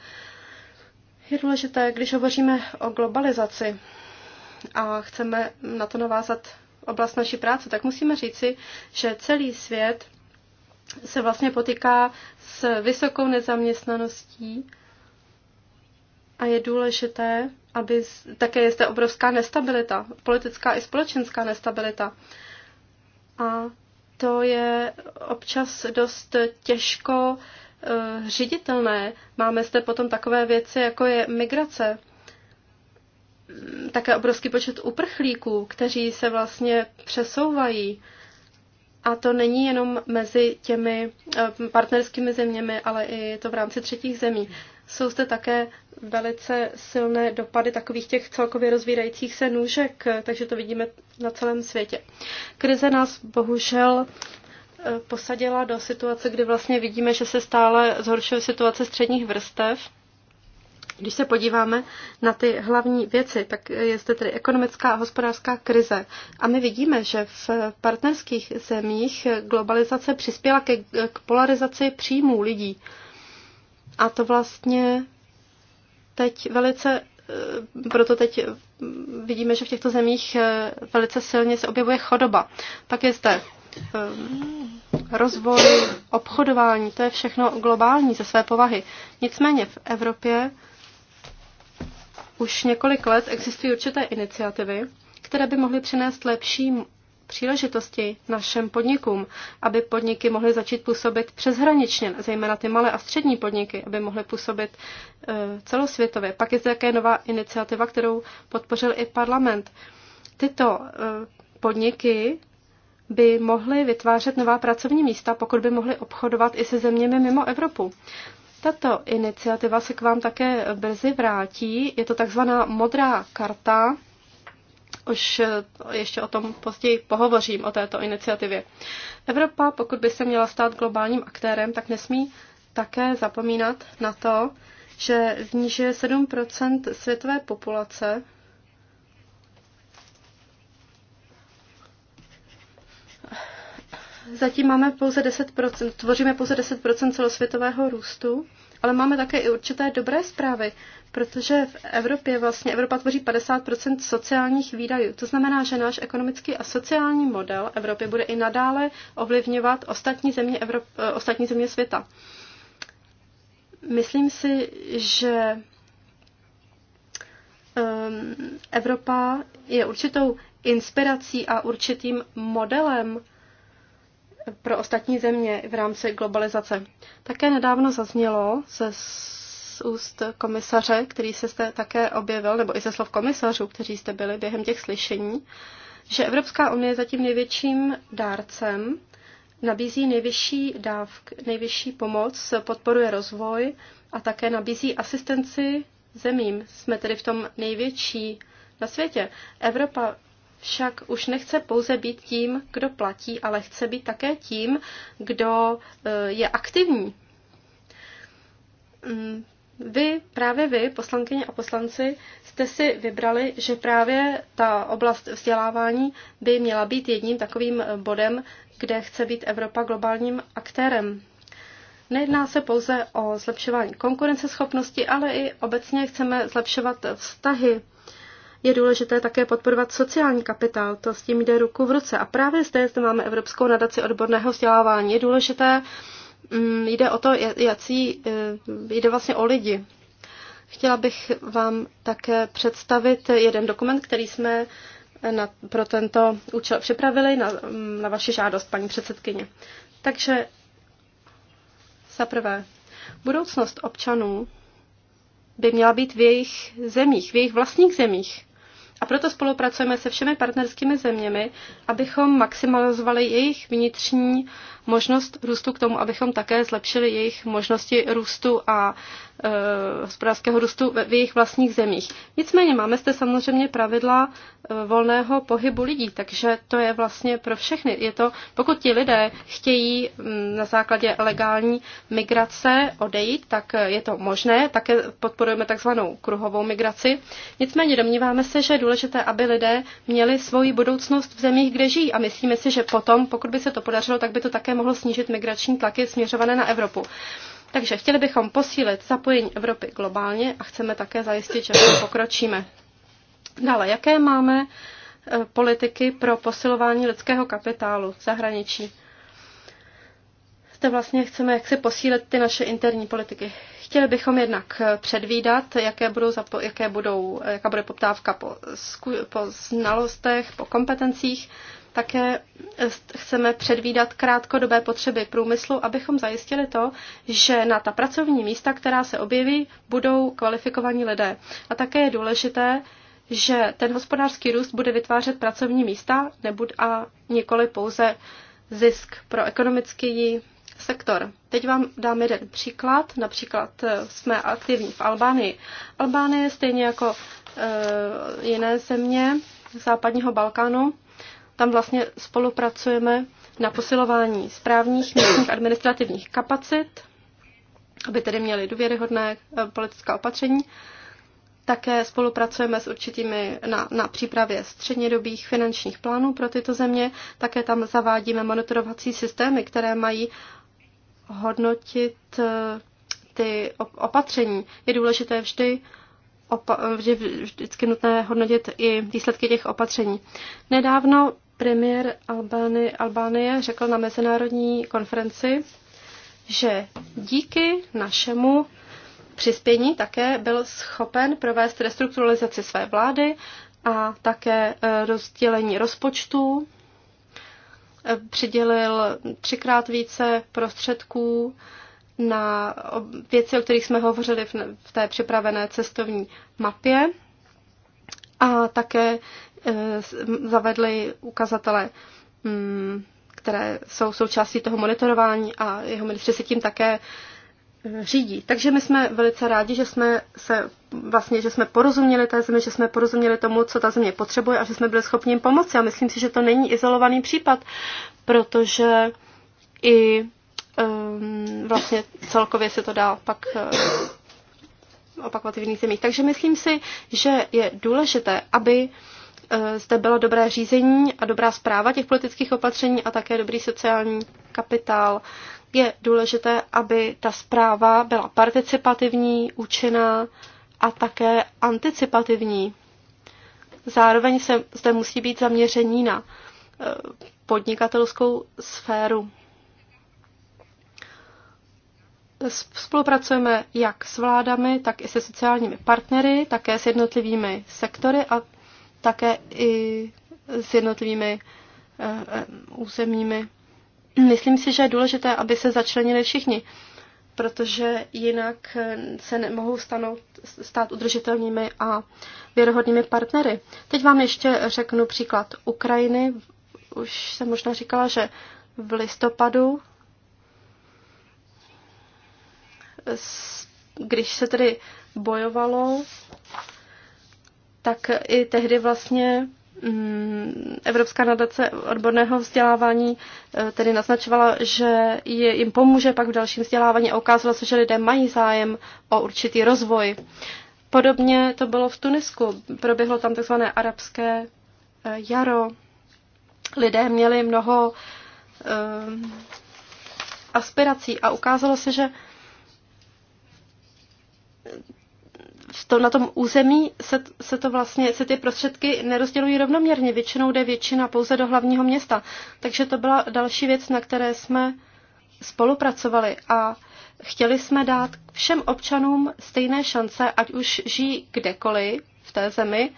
Je důležité, když hovoříme o globalizaci a chceme na to navázat oblast naší práce, tak musíme říci, že celý svět se vlastně potýká s vysokou nezaměstnaností a je důležité, aby také je zde obrovská nestabilita, politická i společenská nestabilita. A to je občas dost těžko uh, e, řiditelné. Máme zde potom takové věci, jako je migrace také obrovský počet uprchlíků, kteří se vlastně přesouvají. A to není jenom mezi těmi eh, partnerskými zeměmi, ale i to v rámci třetích zemí. Jsou zde také velice silné dopady takových těch celkově rozvírajících se nůžek, eh, takže to vidíme na celém světě. Krize nás bohužel eh, posadila do situace, kdy vlastně vidíme, že se stále zhoršuje situace středních vrstev když se podíváme na ty hlavní věci, tak je zde tedy ekonomická a hospodářská krize. A my vidíme, že v partnerských zemích globalizace přispěla ke, k polarizaci příjmů lidí. A to vlastně teď velice, eh, proto teď vidíme, že v těchto zemích eh, velice silně se objevuje chodoba. Pak je zde eh, rozvoj, obchodování, to je všechno globální ze své povahy. Nicméně v Evropě už několik let existují určité iniciativy, které by mohly přinést lepší příležitosti našem podnikům, aby podniky mohly začít působit přeshraničně, zejména ty malé a střední podniky, aby mohly působit eh, celosvětově. Pak je zde také nová iniciativa, kterou podpořil i parlament. Tyto eh, podniky by mohly vytvářet nová pracovní místa, pokud by mohly obchodovat i se zeměmi mimo Evropu. Tato iniciativa se k vám také brzy vrátí. Je to takzvaná modrá karta. Už eh, ještě o tom později pohovořím, o této iniciativě. Evropa, pokud by se měla stát globálním aktérem, tak nesmí také zapomínat na to, že z níže 7 světové populace zatím máme pouze 10%, tvoříme pouze 10% celosvětového růstu, ale máme také i určité dobré zprávy, protože v Evropě vlastně Evropa tvoří 50% sociálních výdajů. To znamená, že náš ekonomický a sociální model Evropy bude i nadále ovlivňovat ostatní země, Evrop, eh, ostatní země světa. Myslím si, že ehm, Evropa je určitou inspirací a určitým modelem pro ostatní země v rámci globalizace. Také nedávno zaznělo ze úst komisaře, který se jste také objevil, nebo i ze slov komisařů, kteří jste byli během těch slyšení, že Evropská unie je zatím největším dárcem, nabízí nejvyšší dávk, nejvyšší pomoc, podporuje rozvoj a také nabízí asistenci zemím. Jsme tedy v tom největší na světě. Evropa však už nechce pouze být tím, kdo platí, ale chce být také tím, kdo e, je aktivní. Mm, vy, právě vy, poslankyně a poslanci, jste si vybrali, že právě ta oblast vzdělávání by měla být jedním takovým e, bodem, kde chce být Evropa globálním aktérem. Nejedná se pouze o zlepšování konkurenceschopnosti, ale i obecně chceme zlepšovat vztahy je důležité také podporovat sociální kapitál, to s tím jde ruku v ruce. A právě zde, zde máme Evropskou nadaci odborného vzdělávání, je důležité, mm, jde o to, jací, eh, jde vlastně o lidi. Chtěla bych vám také představit jeden dokument, který jsme eh, na, pro tento účel připravili na, mm, na vaši žádost, paní předsedkyně. Takže za prvé, budoucnost občanů by měla být v jejich zemích, v jejich vlastních zemích. A proto spolupracujeme se všemi partnerskými zeměmi, abychom maximalizovali jejich vnitřní možnost růstu k tomu, abychom také zlepšili jejich možnosti růstu a e, hospodářského růstu v, v jejich vlastních zemích. Nicméně máme zde samozřejmě pravidla e, volného pohybu lidí, takže to je vlastně pro všechny. Je to, pokud ti lidé chtějí m, na základě legální migrace odejít, tak je to možné. Také podporujeme takzvanou kruhovou migraci. Nicméně domníváme se, že je důležité, aby lidé měli svoji budoucnost v zemích, kde žijí. A myslíme si, že potom, pokud by se to podařilo, tak by to také mohlo snížit migrační tlaky směřované na Evropu. Takže chtěli bychom posílit zapojení Evropy globálně a chceme také zajistit, že pokročíme. Dále, jaké máme eh, politiky pro posilování lidského kapitálu v zahraničí? to vlastně chceme jaksi posílit ty naše interní politiky. Chtěli bychom jednak předvídat, jaké budou, jaké budou jaká bude poptávka po, po znalostech, po kompetencích. Také chceme předvídat krátkodobé potřeby průmyslu, abychom zajistili to, že na ta pracovní místa, která se objeví, budou kvalifikovaní lidé. A také je důležité, že ten hospodářský růst bude vytvářet pracovní místa nebud a nikoli pouze zisk pro ekonomický sektor. Teď vám dám jeden příklad. Například eh, jsme aktivní v Albánii. Albánie stejně jako e, jiné země západního Balkánu, tam vlastně spolupracujeme na posilování správních místních administrativních kapacit, aby tedy měli důvěryhodné eh, politická opatření. Také spolupracujeme s určitými na, na přípravě střednědobých finančních plánů pro tyto země. Také tam zavádíme monitorovací systémy, které mají hodnotit eh, ty opatření. Je důležité vždy opa- vždy, vždycky nutné hodnotit i výsledky těch opatření. Nedávno premiér Albány, Albánie řekl na mezinárodní konferenci, že díky našemu přispění také byl schopen provést restrukturalizaci své vlády a také eh, rozdělení rozpočtů přidělil třikrát více prostředků na věci, o kterých jsme hovořili v té připravené cestovní mapě a také e, zavedli ukazatele, mm, které jsou součástí toho monitorování a jeho ministři se tím také řídí. Takže my jsme velice rádi, že jsme se vlastně, že jsme porozuměli té zemi, že jsme porozuměli tomu, co ta země potřebuje a že jsme byli schopni jim pomoci. A myslím si, že to není izolovaný případ, protože i um, vlastně celkově se to dá pak uh, opakovat v jiných zemích. Takže myslím si, že je důležité, aby eh, zde bylo dobré řízení a dobrá zpráva těch politických opatření a také dobrý sociální kapitál, je důležité, aby ta zpráva byla participativní, účinná a také anticipativní. Zároveň se zde musí být zaměření na e, podnikatelskou sféru. Spolupracujeme jak s vládami, tak i se sociálními partnery, také s jednotlivými sektory a také i s jednotlivými e, e, územními Myslím si, že je důležité, aby se začlenili všichni, protože jinak se nemohou stanout, stát udržitelnými a věrohodnými partnery. Teď vám ještě řeknu příklad Ukrajiny. Už jsem možná říkala, že v listopadu, když se tedy bojovalo, tak i tehdy vlastně Mm, Evropská nadace odborného vzdělávání eh, tedy naznačovala, že je, jim pomůže pak v dalším vzdělávání a ukázalo se, že lidé mají zájem o určitý rozvoj. Podobně to bylo v Tunisku. Proběhlo tam tzv. arabské eh, jaro. Lidé měli mnoho um, aspirací a ukázalo se, že v to, na tom území se, se to vlastně, se ty prostředky nerozdělují rovnoměrně, většinou jde většina pouze do hlavního města. Takže to byla další věc, na které jsme spolupracovali a chtěli jsme dát všem občanům stejné šance, ať už žijí kdekoliv v té zemi,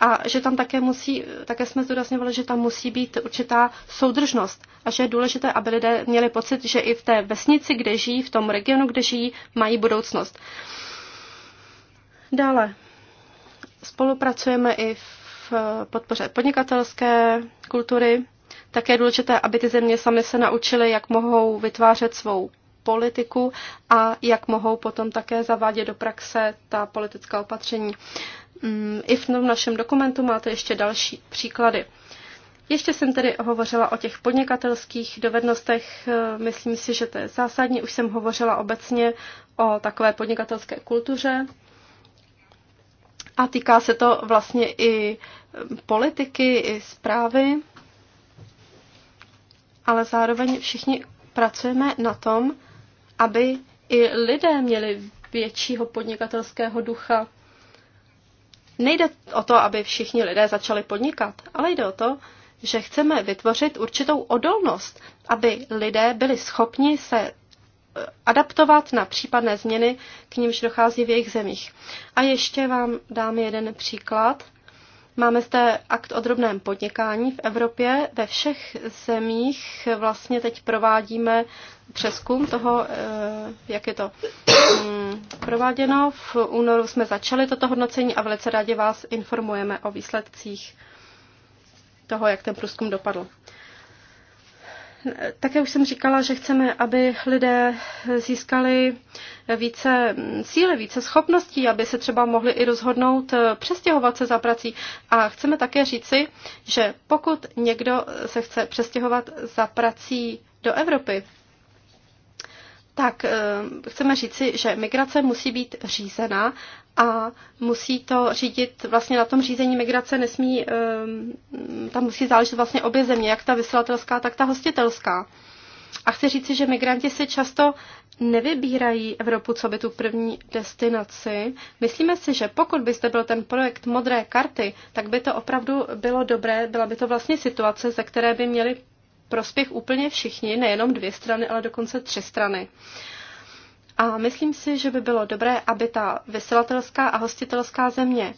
a že tam také musí, také jsme zdůrazněvali, že tam musí být určitá soudržnost a že je důležité, aby lidé měli pocit, že i v té vesnici, kde žijí, v tom regionu, kde žijí, mají budoucnost. Dále spolupracujeme i v eh, podpoře podnikatelské kultury. Také je důležité, aby ty země sami se naučily, jak mohou vytvářet svou politiku a jak mohou potom také zavádět do praxe ta politická opatření. Mm, I v tom našem dokumentu máte ještě další příklady. Ještě jsem tedy hovořila o těch podnikatelských dovednostech. Eh, myslím si, že to je zásadní. Už jsem hovořila obecně o takové podnikatelské kultuře. A týká se to vlastně i politiky, i zprávy, ale zároveň všichni pracujeme na tom, aby i lidé měli většího podnikatelského ducha. Nejde o to, aby všichni lidé začali podnikat, ale jde o to, že chceme vytvořit určitou odolnost, aby lidé byli schopni se adaptovat na případné změny, k nímž dochází v jejich zemích. A ještě vám dám jeden příklad. Máme zde akt o drobném podnikání v Evropě. Ve všech zemích vlastně teď provádíme přeskum toho, eh, jak je to mm, prováděno. V únoru jsme začali toto hodnocení a velice rádi vás informujeme o výsledcích toho, jak ten průzkum dopadl. Také už jsem říkala, že chceme, aby lidé získali více síly, více schopností, aby se třeba mohli i rozhodnout eh, přestěhovat se za prací. A chceme také říci, že pokud někdo se chce přestěhovat za prací do Evropy, tak eh, chceme říci, že migrace musí být řízena a musí to řídit, vlastně na tom řízení migrace nesmí, eh, tam musí záležet vlastně obě země, jak ta vysílatelská, tak ta hostitelská. A chci říci, že migranti si často nevybírají Evropu, co by tu první destinaci. Myslíme si, že pokud by zde byl ten projekt modré karty, tak by to opravdu bylo dobré, byla by to vlastně situace, ze které by měli prospěch úplně všichni, nejenom dvě strany, ale dokonce tři strany. A myslím si, že by bylo dobré, aby ta vysílatelská a hostitelská země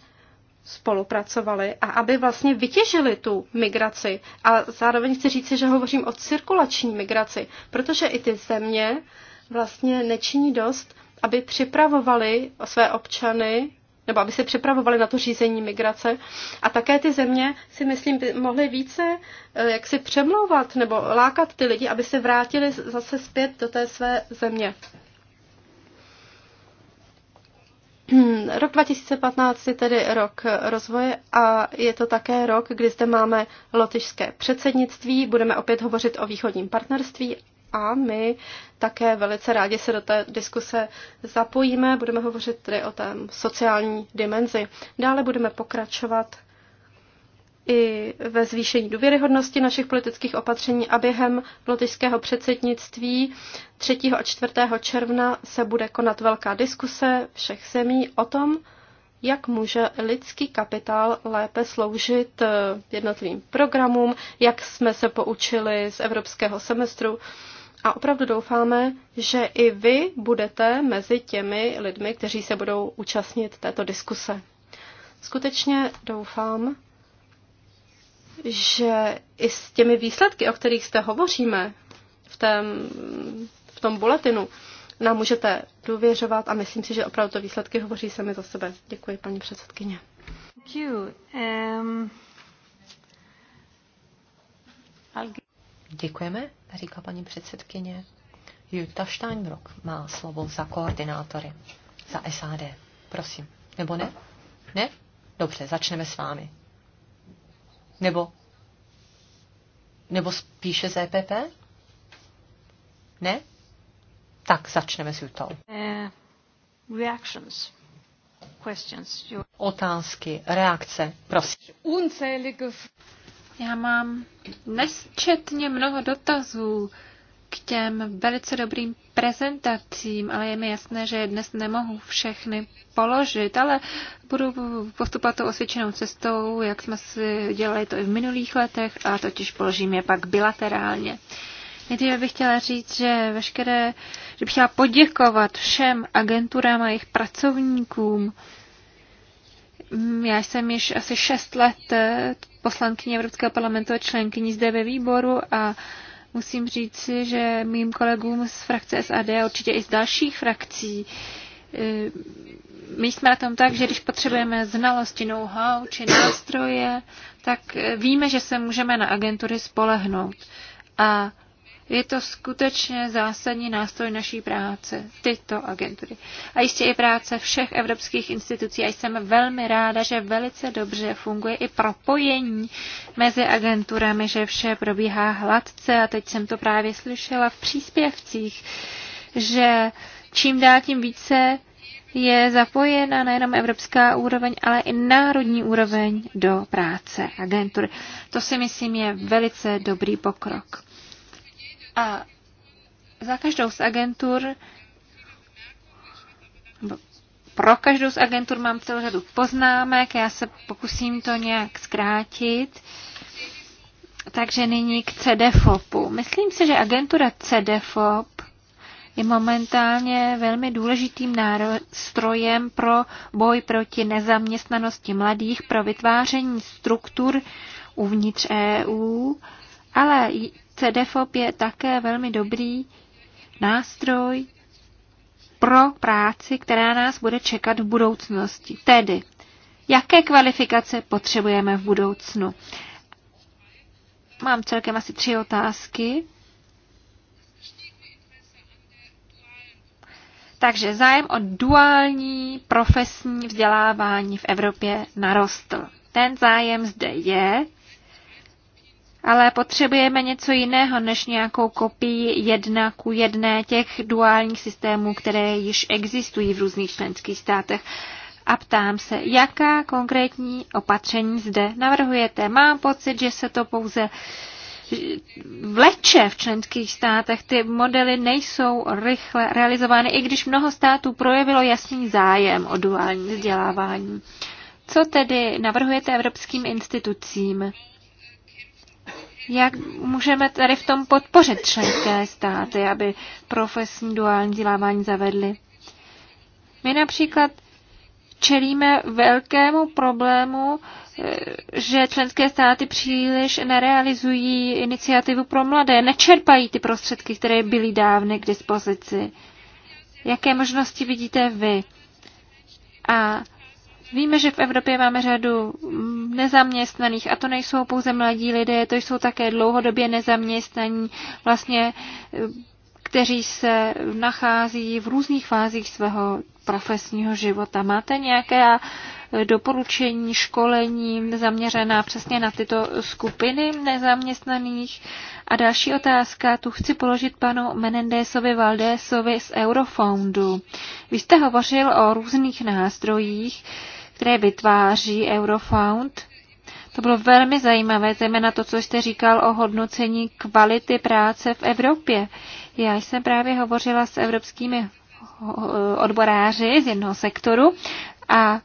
spolupracovali a aby vlastně vytěžili tu migraci. A zároveň chci říci, že hovořím o cirkulační migraci, protože i ty země vlastně nečiní dost, aby připravovali své občany nebo aby se připravovali na to řízení migrace. A také ty země si myslím, by mohly více eh, jak si přemlouvat nebo lákat ty lidi, aby se vrátili zase zpět do té své země. Hmm, rok 2015 je tedy rok rozvoje a je to také rok, kdy zde máme lotyšské předsednictví. Budeme opět hovořit o východním partnerství a my také velice rádi se do té diskuse zapojíme. Budeme hovořit tedy o té sociální dimenzi. Dále budeme pokračovat i ve zvýšení důvěryhodnosti našich politických opatření a během lotyšského předsednictví 3. a 4. června se bude konat velká diskuse všech zemí o tom, jak může lidský kapitál lépe sloužit eh, jednotlivým programům, jak jsme se poučili z evropského semestru a opravdu doufáme, že i vy budete mezi těmi lidmi, kteří se budou účastnit této diskuse. Skutečně doufám, že i s těmi výsledky, o kterých jste hovoříme v, tém, v tom bulletinu, nám můžete důvěřovat a myslím si, že opravdu to výsledky hovoří sami za sebe. Děkuji, paní předsedkyně. Thank you. Um... Děkujeme, říká paní předsedkyně. Jutta Steinbrock má slovo za koordinátory, za SAD. Prosím. Nebo ne? Ne? Dobře, začneme s vámi. Nebo? Nebo spíše z EPP? Ne? Tak začneme s Jutou. Uh, reactions. Questions. Otázky, reakce, prosím. Unzählige já mám nesčetně mnoho dotazů k těm velice dobrým prezentacím, ale je mi jasné, že dnes nemohu všechny položit, ale budu postupovat tou osvědčenou cestou, jak jsme si dělali to i v minulých letech, a totiž položím je pak bilaterálně. Nejdříve bych chtěla říct, že veškeré, že bych chtěla poděkovat všem agenturám a jejich pracovníkům, Mm, já jsem již asi šest let eh, poslankyně Evropského parlamentu a členkyní zde ve výboru a musím si, že mým kolegům z frakce SAD a určitě i z dalších frakcí eh, my jsme na tom tak, že když potřebujeme znalosti, know-how či nástroje, tak eh, víme, že se můžeme na agentury spolehnout. A je to skutečně zásadní nástroj naší práce, tyto agentury. A jistě i práce všech evropských institucí. A jsem velmi ráda, že velice dobře funguje i propojení mezi agenturami, že vše probíhá hladce. A teď jsem to právě slyšela v příspěvcích, že čím dál tím více je zapojena nejenom evropská úroveň, ale i národní úroveň do práce agentury. To si myslím je velice dobrý pokrok. A za každou z agentur, pro každou z agentur mám celou řadu poznámek, já se pokusím to nějak zkrátit. Takže nyní k CDFOPu. Myslím si, že agentura CDFOP je momentálně velmi důležitým nástrojem pro boj proti nezaměstnanosti mladých, pro vytváření struktur uvnitř EU, ale CDFOP je také velmi dobrý nástroj pro práci, která nás bude čekat v budoucnosti. Tedy, jaké kvalifikace potřebujeme v budoucnu? Mám celkem asi tři otázky. Takže zájem o duální profesní vzdělávání v Evropě narostl. Ten zájem zde je, ale potřebujeme něco jiného než nějakou kopii jedna ku jedné těch duálních systémů, které již existují v různých členských státech. A ptám se, jaká konkrétní opatření zde navrhujete? Mám pocit, že se to pouze vleče v členských státech. Ty modely nejsou rychle realizovány, i když mnoho států projevilo jasný zájem o duální vzdělávání. Co tedy navrhujete evropským institucím? Jak můžeme tady v tom podpořit členské státy, aby profesní duální vzdělávání zavedly? My například čelíme velkému problému, eh, že členské státy příliš nerealizují iniciativu pro mladé, nečerpají ty prostředky, které byly dávny k dispozici. Jaké možnosti vidíte vy? A Víme, že v Evropě máme řadu nezaměstnaných a to nejsou pouze mladí lidé, to jsou také dlouhodobě nezaměstnaní, vlastně, eh, kteří se nachází v různých fázích svého profesního života. Máte nějaké eh, doporučení, školení zaměřená přesně na tyto skupiny nezaměstnaných? A další otázka, tu chci položit panu Menendésovi Valdésovi z Eurofoundu. Vy jste hovořil o různých nástrojích, které vytváří Eurofound. To bylo velmi zajímavé, zejména to, co jste říkal o hodnocení kvality práce v Evropě. Já jsem právě hovořila s evropskými odboráři z jednoho sektoru a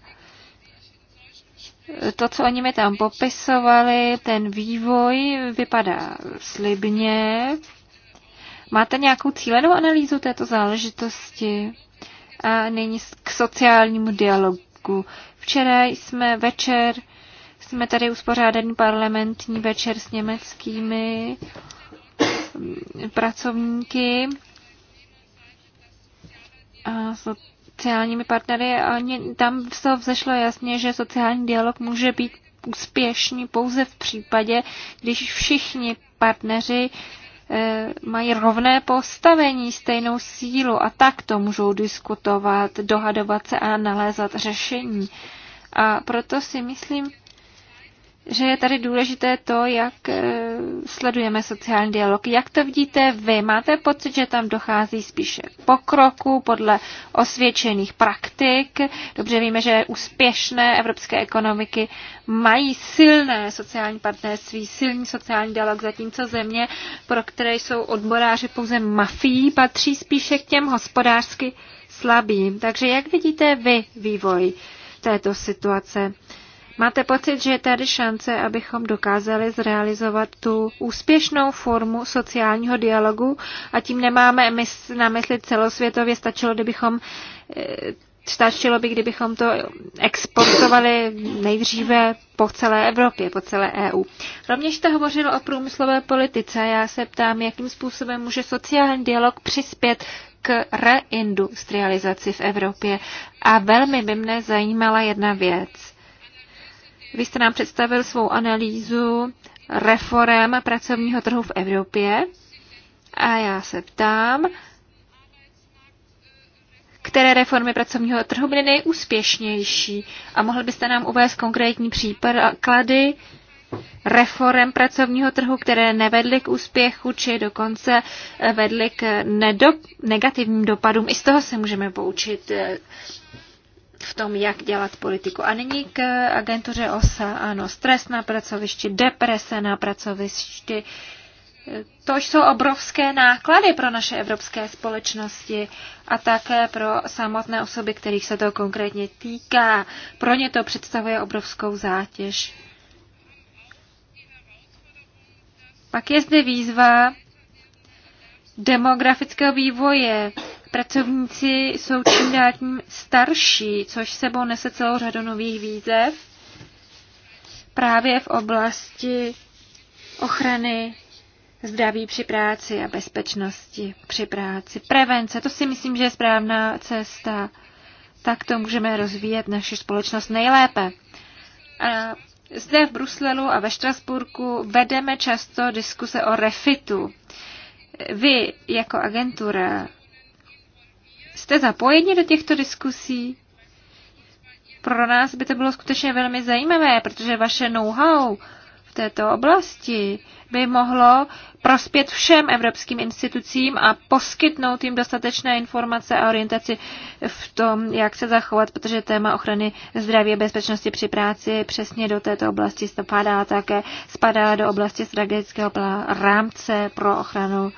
to, co oni mi tam popisovali, ten vývoj vypadá slibně. Máte nějakou cílenou analýzu této záležitosti? A nyní k sociálnímu dialogu. Včera jsme večer, jsme tady uspořádali parlamentní večer s německými pracovníky a sociálními partnery a tam se vzešlo jasně, že sociální dialog může být úspěšný pouze v případě, když všichni partneři eh, mají rovné postavení, stejnou sílu a tak to můžou diskutovat, dohadovat se a nalézat řešení. A proto si myslím, že je tady důležité to, jak eh, sledujeme sociální dialog. Jak to vidíte vy? Máte pocit, že tam dochází spíše k pokroku podle osvědčených praktik? Dobře víme, že úspěšné evropské ekonomiky mají silné sociální partnerství, silný sociální dialog, zatímco země, pro které jsou odboráři pouze mafií, patří spíše k těm hospodářsky slabým. Takže jak vidíte vy vývoj? této situace. Máte pocit, že je tady šance, abychom dokázali zrealizovat tu úspěšnou formu sociálního dialogu a tím nemáme na mysli celosvětově, stačilo, kdybychom eh, stačilo by, kdybychom to exportovali nejdříve po celé Evropě, po celé EU. Rovněž jste hovořil o průmyslové politice. Já se ptám, jakým způsobem může sociální dialog přispět k reindustrializaci v Evropě. A velmi by mne zajímala jedna věc. Vy jste nám představil svou analýzu reform pracovního trhu v Evropě a já se ptám, které reformy pracovního trhu byly nejúspěšnější a mohl byste nám uvést konkrétní příklady, reform pracovního trhu, které nevedly k úspěchu, či dokonce eh, vedly k nedop- negativním dopadům. I z toho se můžeme poučit eh, v tom, jak dělat politiku. A nyní k agentuře OSA. Ano, stres na pracovišti, deprese na pracovišti. To jsou obrovské náklady pro naše evropské společnosti a také pro samotné osoby, kterých se to konkrétně týká. Pro ně to představuje obrovskou zátěž. Pak je zde výzva demografického vývoje. Pracovníci jsou čím dál tím starší, což sebou nese celou řadu nových výzev právě v oblasti ochrany zdraví při práci a bezpečnosti při práci. Prevence, to si myslím, že je správná cesta. Tak to můžeme rozvíjet naši společnost nejlépe. A zde v Bruselu a ve Štrasburku vedeme často diskuse o refitu. Vy jako agentura jste zapojeni do těchto diskusí? Pro nás by to bylo skutečně velmi zajímavé, protože vaše know-how této oblasti by mohlo prospět všem evropským institucím a poskytnout jim dostatečné informace a orientaci v tom, jak se zachovat, protože téma ochrany zdraví a bezpečnosti při práci přesně do této oblasti spadá také, spadá do oblasti strategického rámce pro ochranu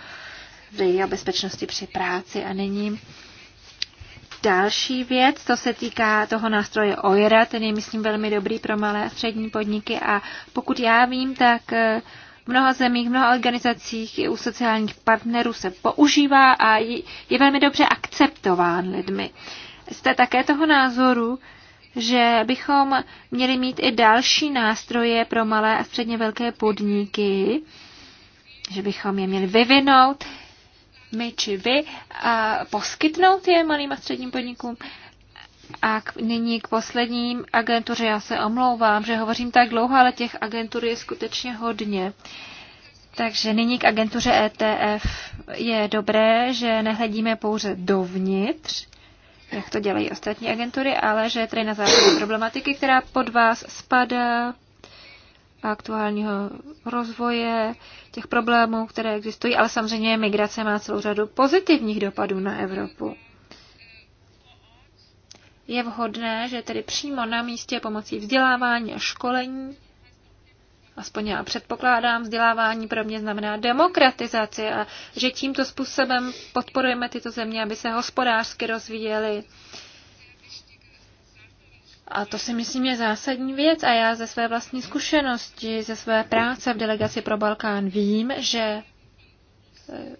zdraví a bezpečnosti při práci. A nyní další věc, to se týká toho nástroje OIRA, ten je, myslím, velmi dobrý pro malé a střední podniky a pokud já vím, tak eh, v mnoha zemích, v mnoha organizacích i u sociálních partnerů se používá a je velmi dobře akceptován lidmi. Jste také toho názoru, že bychom měli mít i další nástroje pro malé a středně velké podniky, že bychom je měli vyvinout, my či vy, a poskytnout je malým a středním podnikům. A k, nyní k posledním agentuře. Já se omlouvám, že hovořím tak dlouho, ale těch agentur je skutečně hodně. Takže nyní k agentuře ETF. Je dobré, že nehledíme pouze dovnitř, jak to dělají ostatní agentury, ale že je tady na základě problematiky, která pod vás spadá, aktuálního rozvoje, těch problémů, které existují, ale samozřejmě migrace má celou řadu pozitivních dopadů na Evropu. Je vhodné, že tedy přímo na místě pomocí vzdělávání a školení, aspoň já předpokládám, vzdělávání pro mě znamená demokratizaci a že tímto způsobem podporujeme tyto země, aby se hospodářsky rozvíjely, a to si myslím je zásadní věc a já ze své vlastní zkušenosti, ze své práce v delegaci pro Balkán vím, že eh,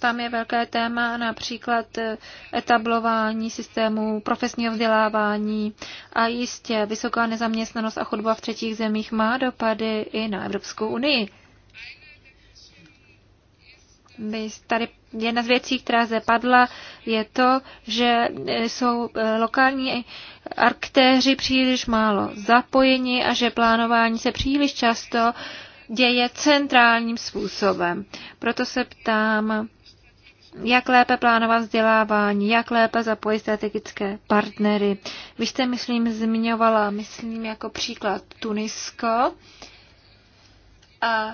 tam je velké téma například eh, etablování systému profesního vzdělávání a jistě vysoká nezaměstnanost a chodba v třetích zemích má dopady i na Evropskou unii. Tady jedna z věcí, která zde padla, je to, že jsou eh, lokální aktéři příliš málo zapojeni a že plánování se příliš často děje centrálním způsobem. Proto se ptám, jak lépe plánovat vzdělávání, jak lépe zapojit strategické partnery. Vy jste, myslím, zmiňovala, myslím, jako příklad Tunisko. A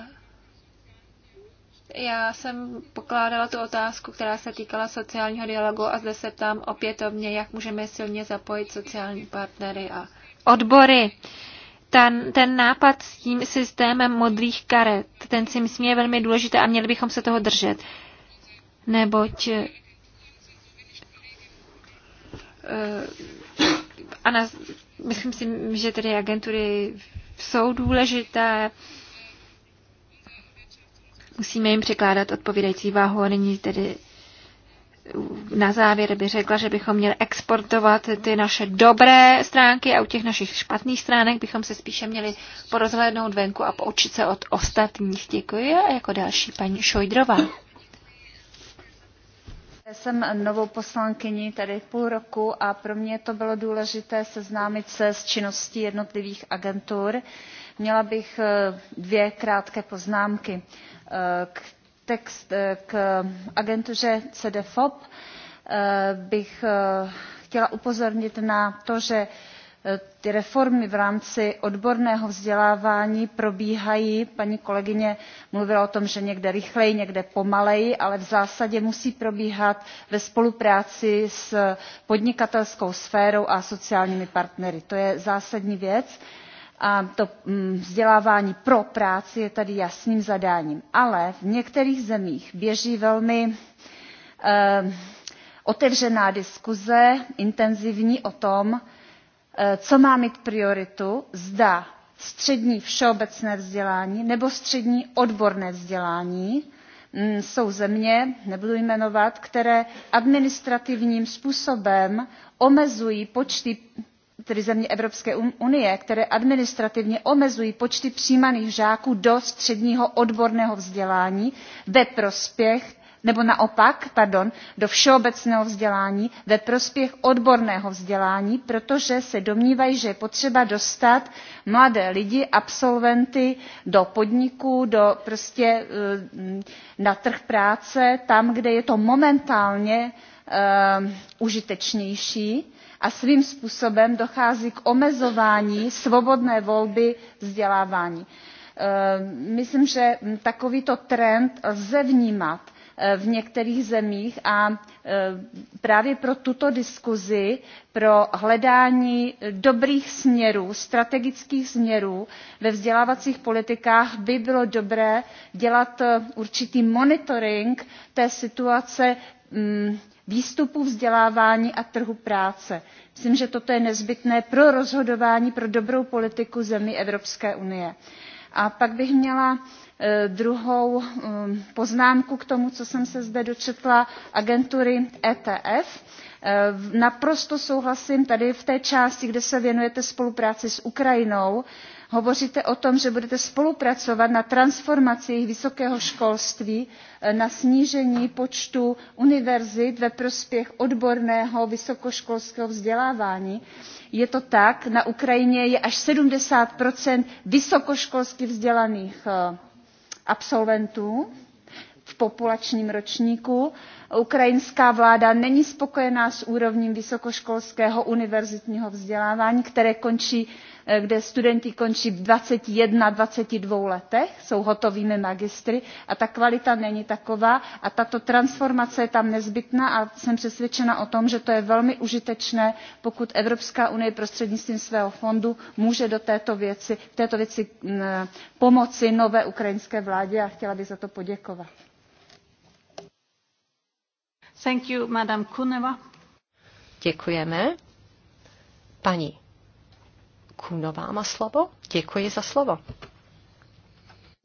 já jsem pokládala tu otázku, která se týkala sociálního dialogu a zde se ptám opětovně, jak můžeme silně zapojit sociální partnery a odbory. Ten, ten nápad s tím systémem modrých karet, ten si myslím je velmi důležitý a měli bychom se toho držet. Neboť eh, a na, myslím si, že tedy agentury jsou důležité, Musíme jim překládat odpovídající váhu a nyní tedy na závěr by řekla, že bychom měli exportovat ty naše dobré stránky a u těch našich špatných stránek bychom se spíše měli porozhlédnout venku a poučit se od ostatních. Děkuji a jako další paní Šojdrová. Já jsem novou poslankyní tady půl roku a pro mě to bylo důležité seznámit se s činností jednotlivých agentur. Měla bych eh, dvě krátké poznámky k, k agentuře Cedefop eh, bych eh, chtěla upozornit na to, že eh, ty reformy v rámci odborného vzdělávání probíhají paní kolegyně mluvila o tom že někde rychleji někde pomaleji ale v zásadě musí probíhat ve spolupráci s podnikatelskou sférou a sociálními partnery to je zásadní věc a to mm, vzdělávání pro práci je tady jasným zadáním. ale v některých zemích běží velmi ehm, otevřená diskuze intenzivní o tom eh, co má mít prioritu zda střední všeobecné vzdělání nebo střední odborné vzdělání mm, jsou země nebudu jmenovat které administrativním způsobem omezují počty tedy země evropské um, unie které administrativně omezují počty přijímaných žáků do středního odborného vzdělání ve prospěch nebo naopak pardon, do všeobecného vzdělání ve prospěch odborného vzdělání protože se domnívají že je potřeba dostat mladé lidi absolventy do podniků do, prostě, eh, na trh práce tam kde je to momentálně eh, užitečnější užitečnější a svým způsobem dochází k omezování svobodné volby vzdělávání. E, myslím že takovýto trend lze vnímat e, v některých zemích a e, právě pro tuto diskusi pro hledání dobrých směrů strategických směrů ve vzdělávacích politikách by bylo dobré dělat určitý monitoring té situace mm, výstupu vzdělávání a trhu práce. myslím že toto je nezbytné pro rozhodování pro dobrou politiku zemí evropské unie. a pak bych měla e, druhou e, poznámku k tomu co jsem se zde dočetla agentury etf e, naprosto souhlasím tady v té části kde se věnujete spolupráci s ukrajinou hovoříte o tom že budete spolupracovat na transformaci vysokého školství eh, na snížení počtu univerzit ve prospěch odborného vysokoškolského vzdělávání. je to tak na ukrajině je až seventy vysokoškolsky vzdělaných eh, absolventů v populačním ročníku ukrajinská vláda není spokojená s úrovní vysokoškolského univerzitního vzdělávání které končí Eh, kde studenti končí v dvaceti jedna dvaceti dvou letech jsou hotovými magistry a ta kvalita není taková a tato transformace je tam nezbytná a jsem přesvědčena o tom že to je velmi užitečné pokud evropská unie prostřednictvím svého fondu může do této věci, v této věci mm, eh, pomoci nové ukrajinské vládě a chtěla bych za to poděkovat. Thank you, Kuneva. Děkujeme. Paní Kunová má slovo. Děkuji za slovo.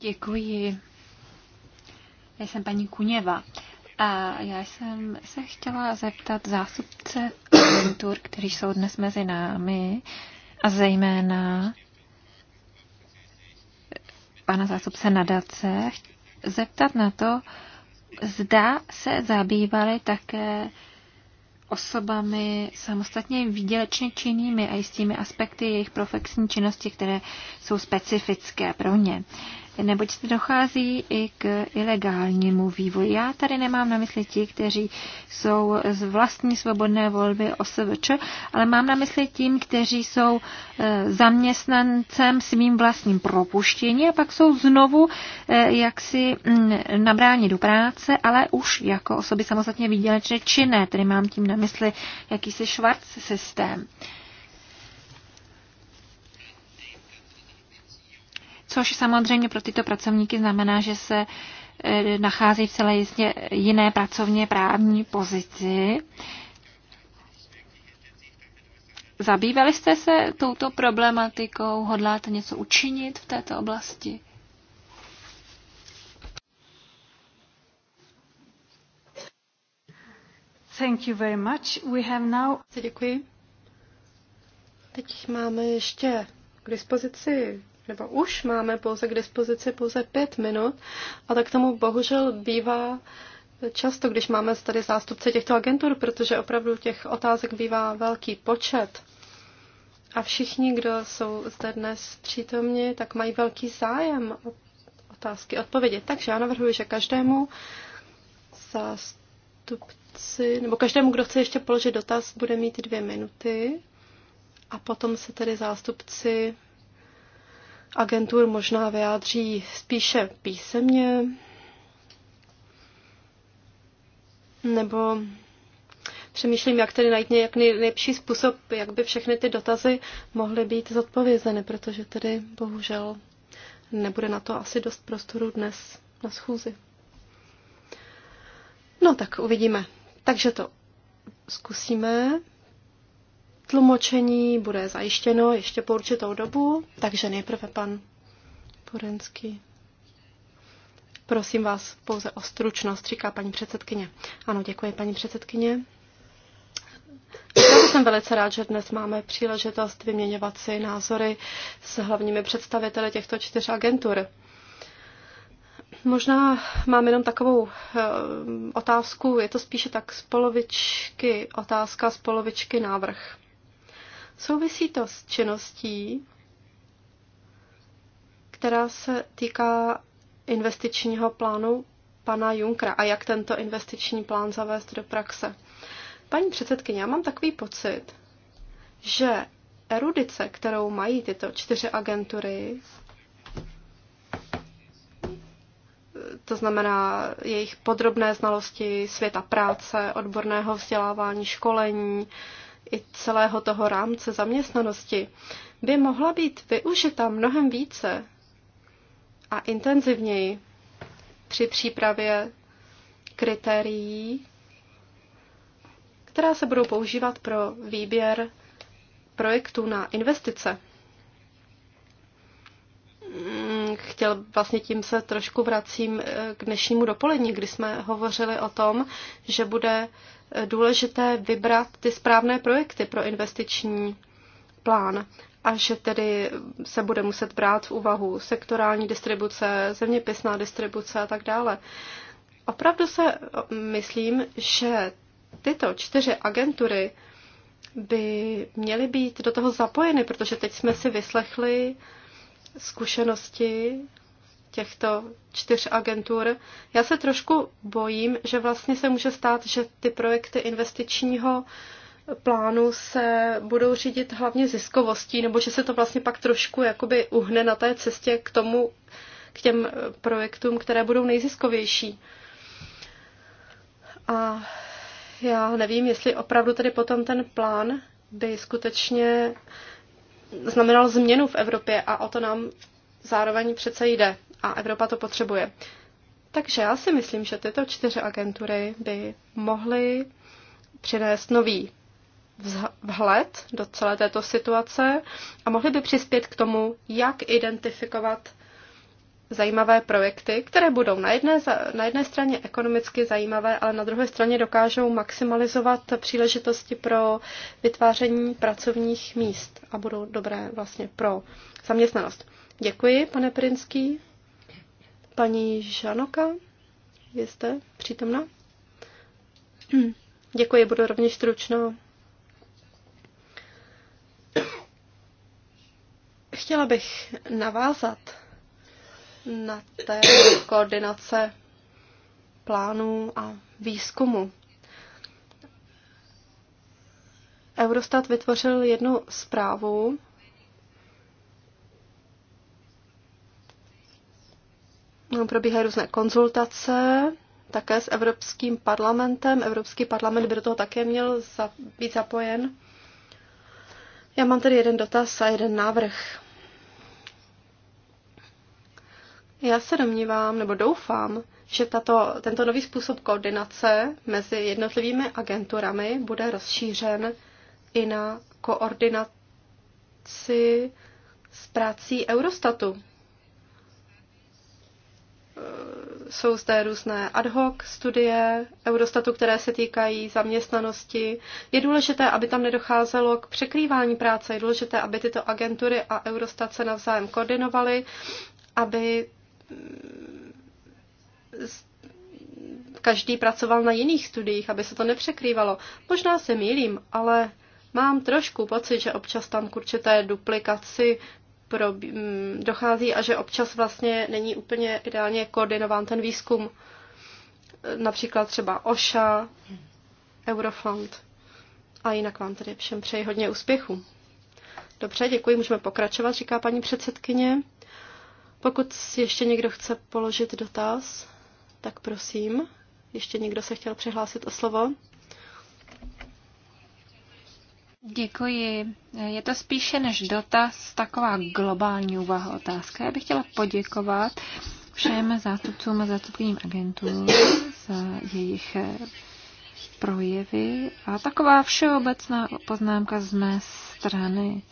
Děkuji. Já jsem paní Kuněva. A já jsem se chtěla zeptat zástupce agentur, kteří jsou dnes mezi námi, a zejména pana zástupce nadace, zeptat na to, zda se zabývali také osobami samostatně výdělečně činnými a jistými aspekty jejich profesní činnosti, které jsou specifické pro ně neboť se dochází i k ilegálnímu vývoji. Já tady nemám na mysli ti, kteří jsou z vlastní svobodné volby OSVČ, ale mám na mysli tím, kteří jsou eh, zaměstnancem svým vlastním propuštění a pak jsou znovu eh, jaksi mm, nabráni do práce, ale už jako osoby samostatně výdělečné činné, Tady mám tím na mysli jakýsi švarc systém. Uh, což samozřejmě pro tyto pracovníky znamená, že se eh, nachází v celé jistě jiné pracovně právní pozici. Zabývali jste se touto problematikou? Hodláte něco učinit v této oblasti? Thank you very much. We have now... Děkuji. Teď máme ještě k dispozici nebo už máme pouze k dispozici pouze pět minut, a tak tomu bohužel bývá často, když máme tady zástupce těchto agentur, protože opravdu těch otázek bývá velký počet. A všichni, kdo jsou zde dnes přítomni, tak mají velký zájem o otázky, odpovědi. Takže já navrhuji, že každému zástupci, nebo každému, kdo chce ještě položit dotaz, bude mít dvě minuty. A potom se tedy zástupci agentur možná vyjádří spíše písemně, nebo přemýšlím, jak tedy najít nějak nejlepší způsob, jak by všechny ty dotazy mohly být zodpovězeny, protože tedy bohužel nebude na to asi dost prostoru dnes na schůzi. No tak uvidíme. Takže to zkusíme. Tlumočení bude zajištěno ještě po určitou dobu, takže nejprve pan Porenský. Prosím vás pouze o stručnost, říká paní předsedkyně. Ano, děkuji paní předsedkyně. Já jsem velice rád, že dnes máme příležitost vyměňovat si názory s hlavními představiteli těchto čtyř agentur. Možná mám jenom takovou eh, otázku, je to spíše tak z polovičky otázka, z polovičky návrh. Souvisí to s činností, která se týká investičního plánu pana Junkra a jak tento investiční plán zavést do praxe. Paní předsedkyně, já mám takový pocit, že erudice, kterou mají tyto čtyři agentury, to znamená jejich podrobné znalosti světa práce, odborného vzdělávání, školení, i celého toho rámce zaměstnanosti by mohla být využita mnohem více a intenzivněji při přípravě kritérií, která se budou používat pro výběr projektů na investice. Mm, chtěl vlastně tím se trošku vracím eh, k dnešnímu dopolední, kdy jsme hovořili o tom, že bude důležité vybrat ty správné projekty pro investiční plán a že tedy se bude muset brát v úvahu sektorální distribuce, zeměpisná distribuce a tak dále. Opravdu se myslím, že tyto čtyři agentury by měly být do toho zapojeny, protože teď jsme si vyslechli zkušenosti těchto čtyř agentur. Já se trošku bojím, že vlastně se může stát, že ty projekty investičního plánu se budou řídit hlavně ziskovostí, nebo že se to vlastně pak trošku jakoby uhne na té cestě k tomu, k těm projektům, které budou nejziskovější. A já nevím, jestli opravdu tedy potom ten plán by skutečně znamenal změnu v Evropě a o to nám zároveň přece jde a Evropa to potřebuje. Takže já si myslím, že tyto čtyři agentury by mohly přinést nový vhled do celé této situace a mohly by přispět k tomu, jak identifikovat zajímavé projekty, které budou na jedné, na jedné straně ekonomicky zajímavé, ale na druhé straně dokážou maximalizovat příležitosti pro vytváření pracovních míst a budou dobré vlastně pro zaměstnanost. Děkuji, pane Prinský. Paní Žanoka, jste přítomna? Děkuji, budu rovněž stručná. Chtěla bych navázat na té koordinace plánů a výzkumu. Eurostat vytvořil jednu zprávu probíhají různé konzultace, také s Evropským parlamentem. Evropský parlament by do toho také měl za, být zapojen. Já mám tady jeden dotaz a jeden návrh. Já se domnívám, nebo doufám, že tato, tento nový způsob koordinace mezi jednotlivými agenturami bude rozšířen i na koordinaci s prací Eurostatu. jsou zde různé ad hoc studie Eurostatu, které se týkají zaměstnanosti. Je důležité, aby tam nedocházelo k překrývání práce, je důležité, aby tyto agentury a Eurostat se navzájem koordinovaly, aby mm, každý pracoval na jiných studiích, aby se to nepřekrývalo. Možná se mýlím, ale mám trošku pocit, že občas tam k určité duplikaci pro, mm, dochází a že občas vlastně není úplně ideálně koordinován ten výzkum. Například třeba OŠA, Eurofund. A jinak vám tedy všem přeji hodně úspěchu. Dobře, děkuji, můžeme pokračovat, říká paní předsedkyně. Pokud ještě někdo chce položit dotaz, tak prosím. Ještě někdo se chtěl přihlásit o slovo? Děkuji. Je to spíše než dotaz, taková globální úvaha otázka. Já bych chtěla poděkovat všem zástupcům a zástupním agentům za jejich eh, projevy a taková všeobecná poznámka z mé strany.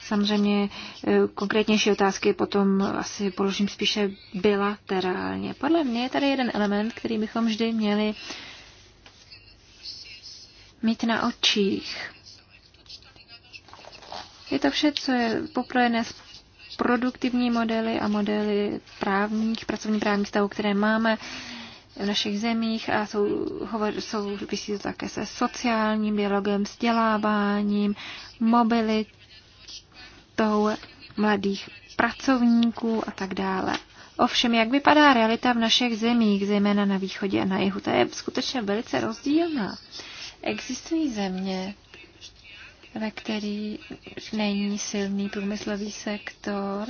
Samozřejmě eh, konkrétnější otázky potom asi položím spíše bilaterálně. Podle mě je tady jeden element, který bychom vždy měli mít na očích. Je to vše, co je popojené s produktivní modely a modely právních, pracovní právních stavů, které máme v našich zemích a jsou, hovor, vysí to také se sociálním dialogem, vzděláváním, mobilitou mladých pracovníků a tak dále. Ovšem, jak vypadá realita v našich zemích, zejména na východě a na jihu, to je skutečně velice rozdílná. Existují země, ve který není silný průmyslový sektor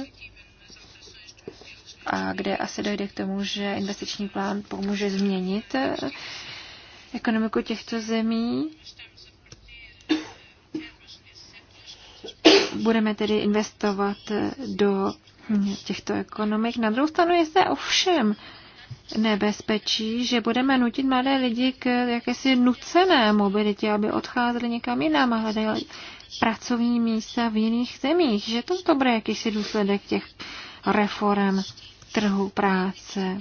a kde asi dojde k tomu, že investiční plán pomůže změnit eh, ekonomiku těchto zemí. Budeme tedy investovat eh, do těchto ekonomik. Na druhou stranu je zde ovšem nebezpečí, že budeme nutit mladé lidi k jakési nucené mobilitě, aby odcházeli někam jinam a hledali pracovní místa v jiných zemích, že to, to bude jakýsi důsledek těch reform trhu práce.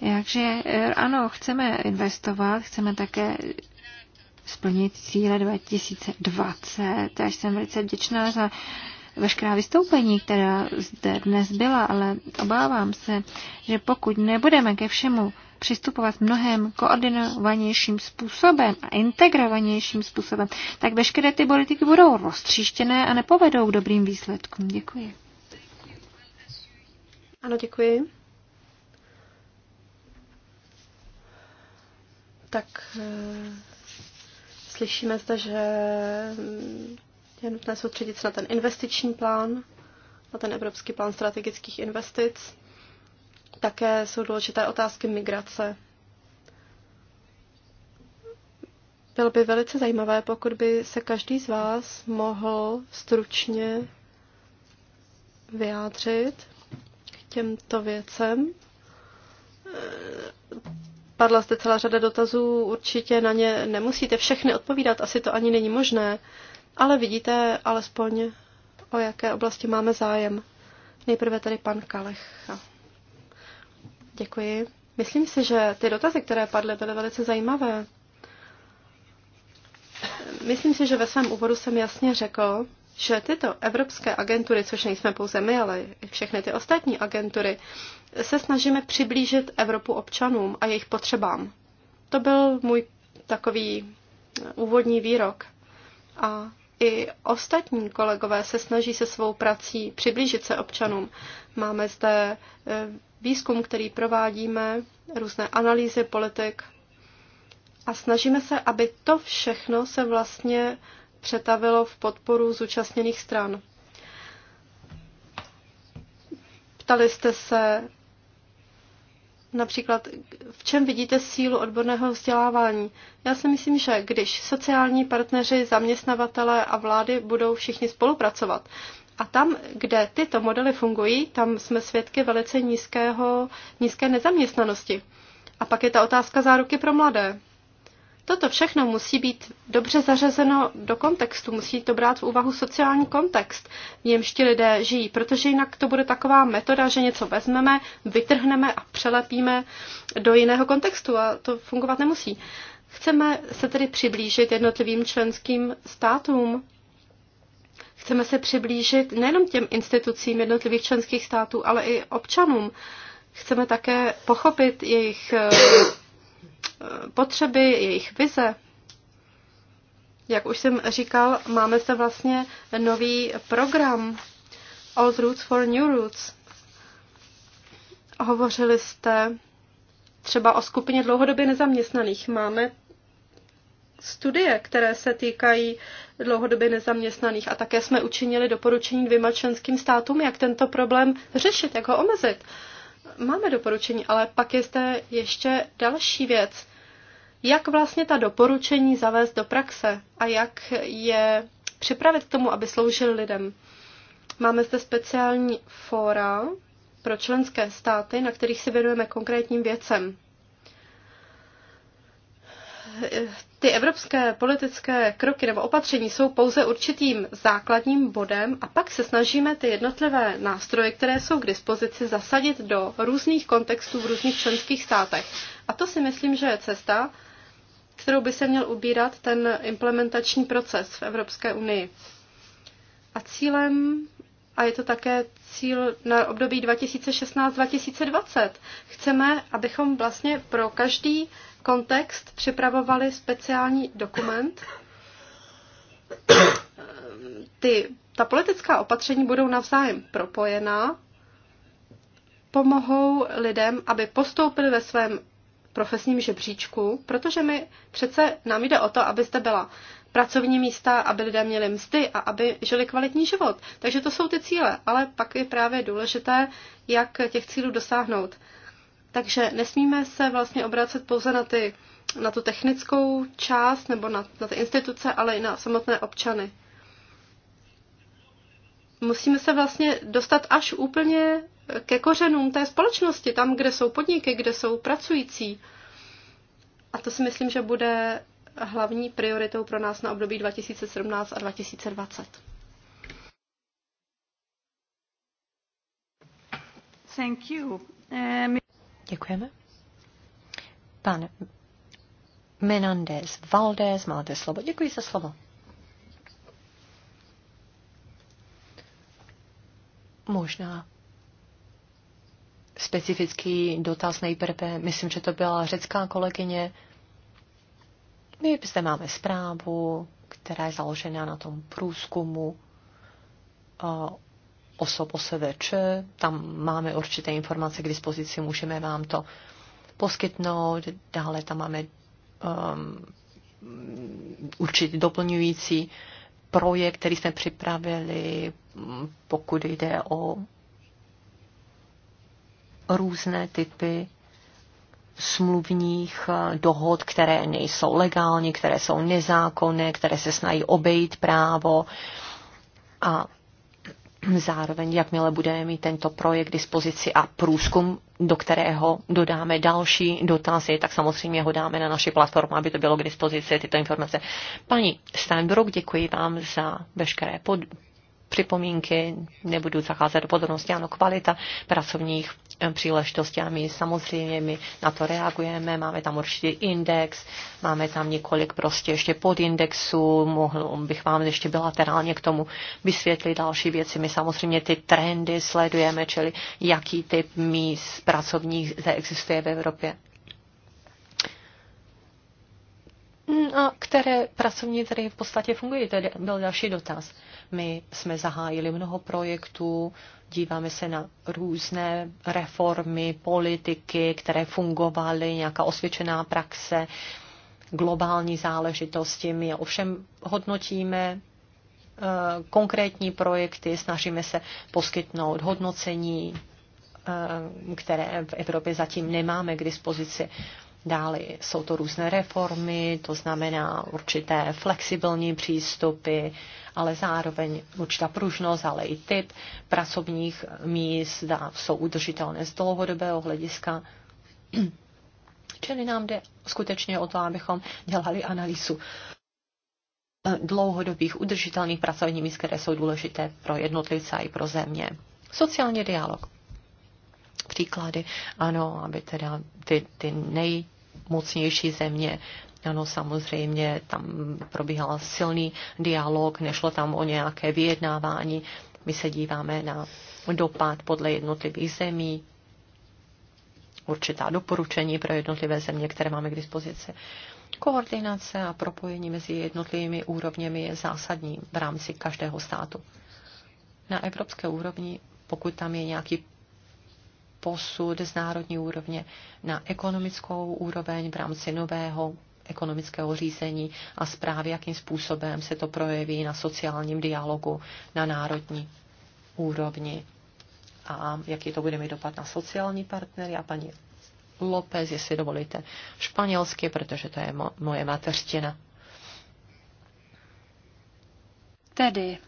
Takže eh, ano, chceme investovat, chceme také splnit cíle 2020. Já jsem velice vděčná za veškerá vystoupení, která zde dnes byla, ale obávám se, že pokud nebudeme ke všemu přistupovat mnohem koordinovanějším způsobem a integrovanějším způsobem, tak veškeré ty politiky budou roztříštěné a nepovedou k dobrým výsledkům. Děkuji. Ano, děkuji. Tak eh, slyšíme zde, že je nutné soustředit se na ten investiční plán, na ten Evropský plán strategických investic. Také jsou důležité otázky migrace. Bylo by velice zajímavé, pokud by se každý z vás mohl stručně vyjádřit k těmto věcem. Padla zde celá řada dotazů, určitě na ně nemusíte všechny odpovídat, asi to ani není možné ale vidíte alespoň, o jaké oblasti máme zájem. Nejprve tady pan Kalech. Děkuji. Myslím si, že ty dotazy, které padly, byly velice zajímavé. Myslím si, že ve svém úvodu jsem jasně řekl, že tyto evropské agentury, což nejsme pouze my, ale i všechny ty ostatní agentury, se snažíme přiblížit Evropu občanům a jejich potřebám. To byl můj takový úvodní výrok. A i ostatní kolegové se snaží se svou prací přiblížit se občanům. Máme zde e, výzkum, který provádíme, různé analýzy politik a snažíme se, aby to všechno se vlastně přetavilo v podporu zúčastněných stran. Ptali jste se například v čem vidíte sílu odborného vzdělávání. Já si myslím, že když sociální partneři, zaměstnavatele a vlády budou všichni spolupracovat, a tam, kde tyto modely fungují, tam jsme svědky velice nízkého, nízké nezaměstnanosti. A pak je ta otázka záruky pro mladé. Toto všechno musí být dobře zařazeno do kontextu, musí to brát v úvahu sociální kontext, v němž ti lidé žijí, protože jinak to bude taková metoda, že něco vezmeme, vytrhneme a přelepíme do jiného kontextu a to fungovat nemusí. Chceme se tedy přiblížit jednotlivým členským státům, chceme se přiblížit nejenom těm institucím jednotlivých členských států, ale i občanům. Chceme také pochopit jejich eh, potřeby, jejich vize. Jak už jsem říkal, máme se vlastně nový program Old Roots for New Roots. Hovořili jste třeba o skupině dlouhodobě nezaměstnaných. Máme studie, které se týkají dlouhodobě nezaměstnaných a také jsme učinili doporučení dvěma členským státům, jak tento problém řešit, jak ho omezit. Máme doporučení, ale pak je zde ještě další věc jak vlastně ta doporučení zavést do praxe a jak je připravit k tomu, aby sloužil lidem. Máme zde speciální fóra pro členské státy, na kterých se věnujeme konkrétním věcem. Ty evropské politické kroky nebo opatření jsou pouze určitým základním bodem a pak se snažíme ty jednotlivé nástroje, které jsou k dispozici, zasadit do různých kontextů v různých členských státech. A to si myslím, že je cesta, kterou by se měl ubírat ten implementační proces v Evropské unii. A cílem, a je to také cíl na období 2016-2020, chceme, abychom vlastně pro každý kontext připravovali speciální dokument. Ty, ta politická opatření budou navzájem propojená, pomohou lidem, aby postoupili ve svém profesním žebříčku, protože my přece nám jde o to, aby zde byla pracovní místa, aby lidé měli mzdy a aby žili kvalitní život. Takže to jsou ty cíle, ale pak je právě důležité, jak těch cílů dosáhnout. Takže nesmíme se vlastně obracet pouze na, ty, na tu technickou část nebo na, na ty instituce, ale i na samotné občany. Musíme se vlastně dostat až úplně ke kořenům té společnosti, tam, kde jsou podniky, kde jsou pracující. A to si myslím, že bude hlavní prioritou pro nás na období 2017 a 2020. Thank you. Um... Děkujeme. Pan Menandez Valdez, máte slovo. Děkuji za slovo. Možná specifický dotaz nejprve. Myslím, že to byla řecká kolegyně. My zde máme zprávu, která je založena na tom průzkumu osob SVČ. Tam máme určité informace k dispozici, můžeme vám to poskytnout. Dále tam máme um, určitý doplňující projekt, který jsme připravili, pokud jde o různé typy smluvních eh, dohod, které nejsou legální, které jsou nezákonné, které se snaží obejít právo. A zároveň, jakmile budeme mít tento projekt k dispozici a průzkum, do kterého dodáme další dotazy, tak samozřejmě ho dáme na naši platformu, aby to bylo k dispozici, tyto informace. Paní Steinbrook, děkuji vám za veškeré pod, připomínky, nebudu zacházet do podrobnosti, ano, kvalita pracovních Eh, příležitostiami. samozřejmě my na to reagujeme, máme tam určitý index, máme tam několik prostě ještě podindexů, mohl bych vám ještě bilaterálně k tomu vysvětlit další věci. My samozřejmě ty trendy sledujeme, čili jaký typ míst pracovních existuje v Evropě. Mm, a které pracovní trhy v podstatě fungují. To byl další dotaz. My jsme zahájili mnoho projektů, díváme se na různé reformy, politiky, které fungovaly, nějaká osvědčená praxe, globální záležitosti. My ovšem hodnotíme eh, konkrétní projekty, snažíme se poskytnout hodnocení, eh, které v Evropě zatím nemáme k dispozici. Dále jsou to různé reformy, to znamená určité flexibilní přístupy, ale zároveň určitá pružnost, ale i typ pracovních míst jsou udržitelné z dlouhodobého hlediska. Čili nám jde skutečně o to, abychom dělali analýzu dlouhodobých udržitelných pracovních míst, které jsou důležité pro jednotlivce i pro země. Sociální dialog. Příklady, ano, aby teda ty, ty nej mocnější země. Ano, samozřejmě, tam probíhal silný dialog, nešlo tam o nějaké vyjednávání. My se díváme na dopad podle jednotlivých zemí, určitá doporučení pro jednotlivé země, které máme k dispozici. Koordinace a propojení mezi jednotlivými úrovněmi je zásadní v rámci každého státu. Na evropské úrovni, pokud tam je nějaký posud z národní úrovně na ekonomickou úroveň v rámci nového ekonomického řízení a zprávy, jakým způsobem se to projeví na sociálním dialogu na národní úrovni a jaký to bude mít dopad na sociální partnery a paní López, jestli dovolíte, španělsky, protože to je mo- moje mateřtina. Tedy,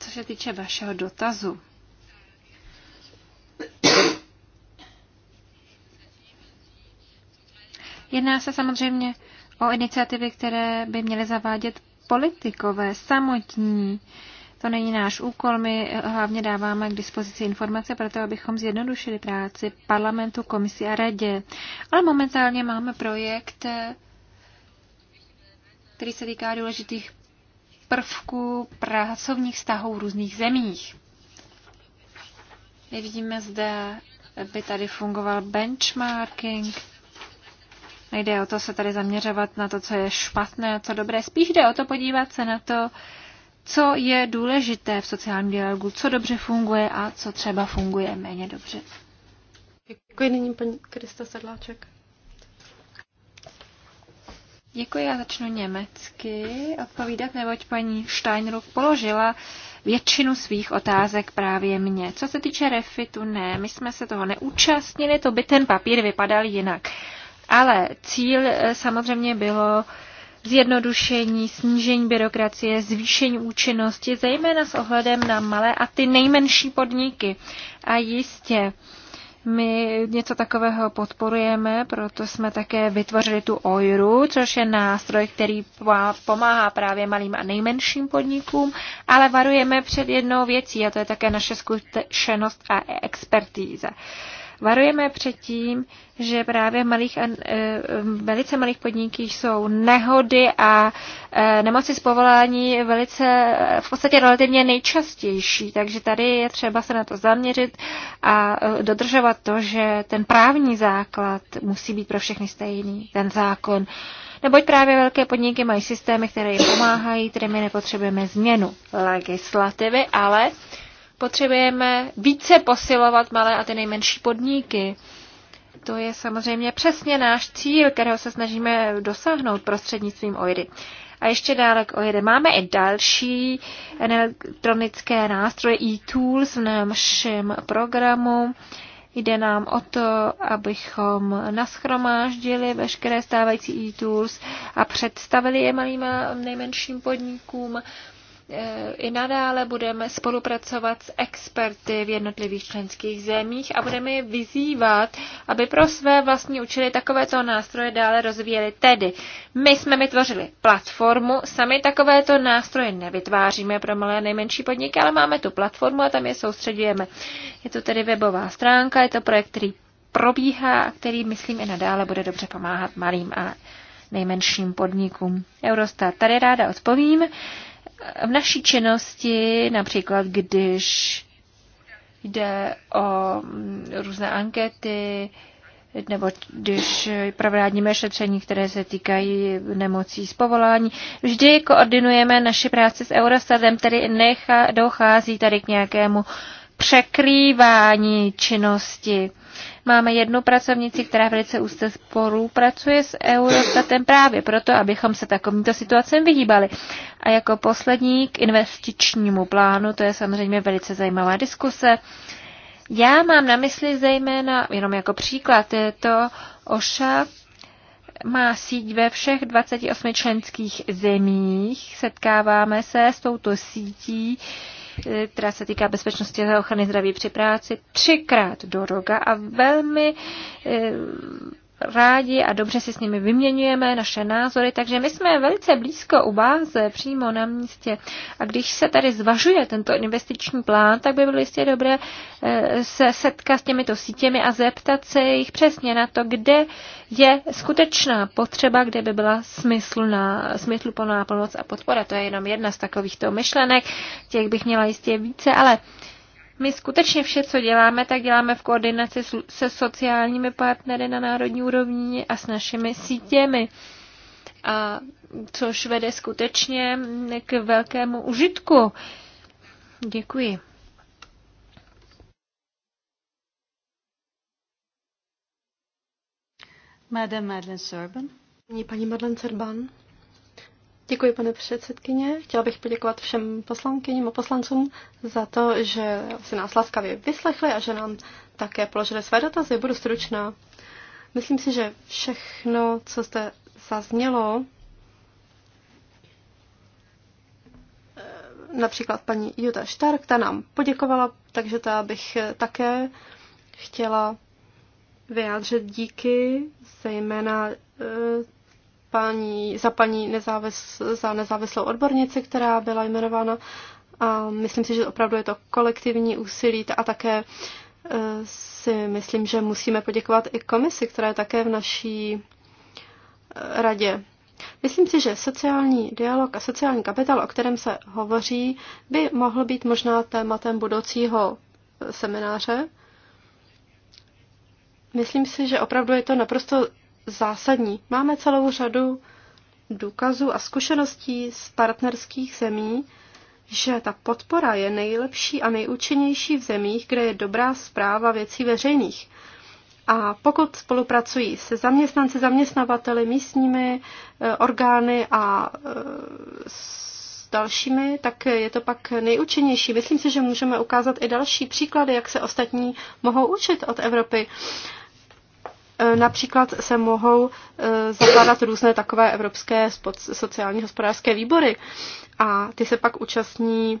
co se týče vašeho dotazu, Jedná se samozřejmě o iniciativy, které by měly zavádět politikové, samotní. To není náš úkol, my hlavně dáváme k dispozici informace pro to, abychom zjednodušili práci parlamentu, komisi a radě. Ale momentálně máme projekt, který se týká důležitých prvků pracovních vztahů v různých zemích. My vidíme, zde by tady fungoval benchmarking, Nejde o to se tady zaměřovat na to, co je špatné a co dobré. Spíš jde o to podívat se na to, co je důležité v sociálním dialogu, co dobře funguje a co třeba funguje méně dobře. Děkuji nyní paní Krista Sedláček. Děkuji, já začnu německy odpovídat, neboť paní Steinruck položila většinu svých otázek právě mě. Co se týče refitu, ne, my jsme se toho neúčastnili, to by ten papír vypadal jinak. Ale cíl eh, samozřejmě bylo zjednodušení, snížení byrokracie, zvýšení účinnosti, zejména s ohledem na malé a ty nejmenší podniky. A jistě, my něco takového podporujeme, proto jsme také vytvořili tu OIRu, což je nástroj, který pomáhá právě malým a nejmenším podnikům, ale varujeme před jednou věcí, a to je také naše zkušenost a expertíze. Uh, Varujeme před tím, že právě v malých a, e, velice malých podnicích jsou nehody a e, nemoci z povolání velice, v podstatě relativně nejčastější, takže tady je třeba se na to zaměřit a e, dodržovat to, že ten právní základ musí být pro všechny stejný, ten zákon. Neboť právě velké podniky mají systémy, které jim pomáhají, které my nepotřebujeme změnu legislativy, ale potřebujeme více posilovat malé a ty nejmenší podniky. To je samozřejmě přesně náš cíl, kterého se snažíme dosáhnout prostřednictvím OIDy. A ještě dále k OIDy. Máme i další elektronické nástroje e-tools v našem programu. Jde nám o to, abychom naschromáždili veškeré stávající e-tools a představili je malým nejmenším podnikům i nadále budeme spolupracovat s experty v jednotlivých členských zemích a budeme je vyzývat, aby pro své vlastní účely takovéto nástroje dále rozvíjeli. Tedy my jsme vytvořili platformu, sami takovéto nástroje nevytváříme pro malé nejmenší podniky, ale máme tu platformu a tam je soustředujeme. Je to tedy webová stránka, je to projekt, který probíhá a který, myslím, i nadále bude dobře pomáhat malým a nejmenším podnikům. Eurostat, tady ráda odpovím. V naší činnosti, například když jde o mm, různé ankety, nebo když provádíme šetření, které se týkají nemocí z povolání. Vždy koordinujeme naši práci s Eurostatem, tedy nechá dochází tady k nějakému překrývání činnosti. Máme jednu pracovnici, která velice úzce spolupracuje s Eurostatem právě proto, abychom se takovýmto situacem vyhýbali. A jako poslední k investičnímu plánu, to je samozřejmě velice zajímavá diskuse. Já mám na mysli zejména, jenom jako příklad, je to OŠA, má síť ve všech 28 členských zemích. Setkáváme se s touto sítí E, která se týká bezpečnosti a ochrany zdraví při práci, třikrát do roka a velmi e, rádi a dobře si s nimi vyměňujeme naše názory, takže my jsme velice blízko u báze, přímo na místě. A když se tady zvažuje tento investiční plán, tak by bylo jistě dobré eh, se setkat s těmito sítěmi a zeptat se jich přesně na to, kde je skutečná potřeba, kde by byla smyslná, smysluplná pomoc a podpora. To je jenom jedna z takovýchto myšlenek, těch bych měla jistě více, ale my skutečně vše, co děláme, tak děláme v koordinaci se sociálními partnery na národní úrovni a s našimi sítěmi. A což vede skutečně k velkému užitku. Děkuji. Madame Madeleine Serban. Paní Madeleine Serban. Děkuji, pane předsedkyně. Chtěla bych poděkovat všem poslankyním a poslancům za to, že si nás laskavě vyslechli a že nám také položili své dotazy. Budu stručná. Myslím si, že všechno, co zde zaznělo, například paní Jutta Štark, ta nám poděkovala, takže ta bych také chtěla vyjádřit díky, zejména eh, paní, za paní nezávis, za nezávislou odbornici, která byla jmenována. A myslím si, že opravdu je to kolektivní úsilí a také eh, si myslím, že musíme poděkovat i komisi, která je také v naší eh, radě. Myslím si, že sociální dialog a sociální kapitál, o kterém se hovoří, by mohl být možná tématem budoucího eh, semináře. Myslím si, že opravdu je to naprosto zásadní. Máme celou řadu důkazů a zkušeností z partnerských zemí, že ta podpora je nejlepší a nejúčinnější v zemích, kde je dobrá zpráva věcí veřejných. A pokud spolupracují se zaměstnanci, zaměstnavateli, místními eh, orgány a eh, s dalšími, tak je to pak nejúčinnější. Myslím si, že můžeme ukázat i další příklady, jak se ostatní mohou učit od Evropy. E, například se mohou e, zakládat různé takové evropské sociální hospodářské výbory a ty se pak účastní e,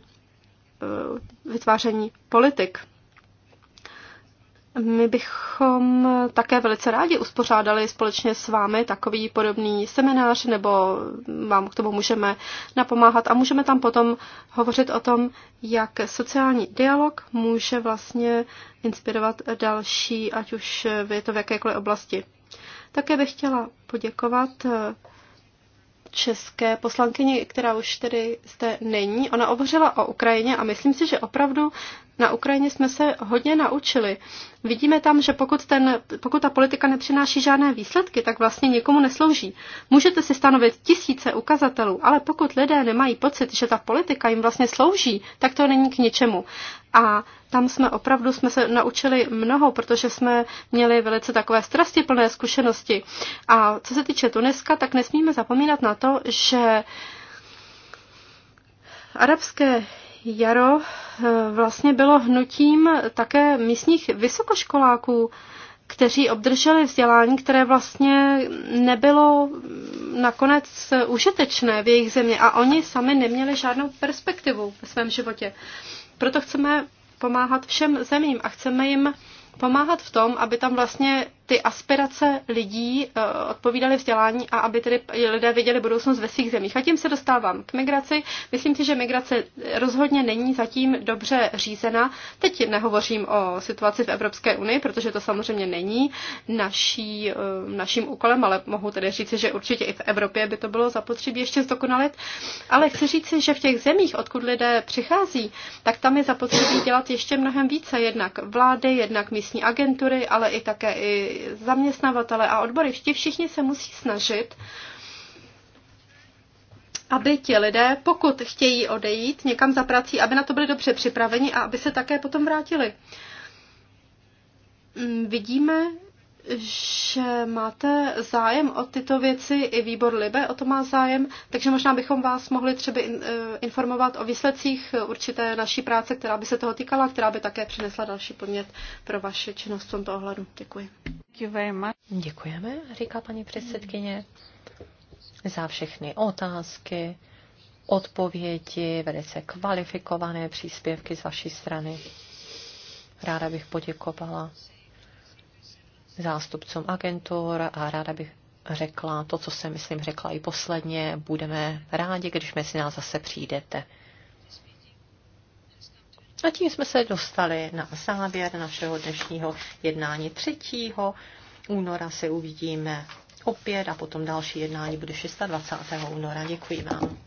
vytváření politik. My bychom také velice rádi uspořádali společně s vámi takový podobný seminář, nebo vám k tomu můžeme napomáhat a můžeme tam potom hovořit o tom, jak sociální dialog může vlastně inspirovat další, ať už je to v jakékoliv oblasti. Také bych chtěla poděkovat české poslankyni, která už tedy zde není. Ona hovořila o Ukrajině a myslím si, že opravdu na Ukrajině jsme se hodně naučili. Vidíme tam, že pokud, ten, pokud ta politika nepřináší žádné výsledky, tak vlastně nikomu neslouží. Můžete si stanovit tisíce ukazatelů, ale pokud lidé nemají pocit, že ta politika jim vlastně slouží, tak to není k ničemu. A tam jsme opravdu jsme se naučili mnoho, protože jsme měli velice takové plné zkušenosti. A co se týče Tuniska, tak nesmíme zapomínat na to, že arabské jaro eh, vlastně bylo hnutím také místních vysokoškoláků, kteří obdrželi vzdělání, které vlastně nebylo nakonec užitečné v jejich země a oni sami neměli žádnou perspektivu ve svém životě. Proto chceme pomáhat všem zemím a chceme jim pomáhat v tom, aby tam vlastně ty aspirace lidí eh, odpovídaly vzdělání a aby tedy lidé viděli budoucnost ve svých zemích. A tím se dostávám k migraci. Myslím si, že migrace rozhodně není zatím dobře řízena. Teď nehovořím o situaci v Evropské unii, protože to samozřejmě není naší, eh, naším úkolem, ale mohu tedy říci, že určitě i v Evropě by to bylo zapotřebí ještě zdokonalit. Ale chci říci, že v těch zemích, odkud lidé přichází, tak tam je zapotřebí dělat ještě mnohem více. Jednak vlády, jednak místní agentury, ale i také i zaměstnavatele a odbory. Ti všichni se musí snažit, aby ti lidé, pokud chtějí odejít někam za prací, aby na to byli dobře připraveni a aby se také potom vrátili. Mm, vidíme, že máte zájem o tyto věci, i výbor Libe o to má zájem, takže možná bychom vás mohli třeba eh, informovat o výsledcích určité naší práce, která by se toho týkala, která by také přinesla další podnět pro vaše činnost v tomto ohledu. Děkuji. Děkujeme, říká paní předsedkyně, za všechny otázky, odpovědi, velice kvalifikované příspěvky z vaší strany. Ráda bych poděkovala zástupcům agentur a ráda bych řekla to, co jsem, myslím, řekla i posledně. Budeme rádi, když mezi nás zase přijdete. A tím jsme se dostali na závěr našeho dnešního jednání 3. února se uvidíme opět a potom další jednání bude 26. února. Děkuji vám.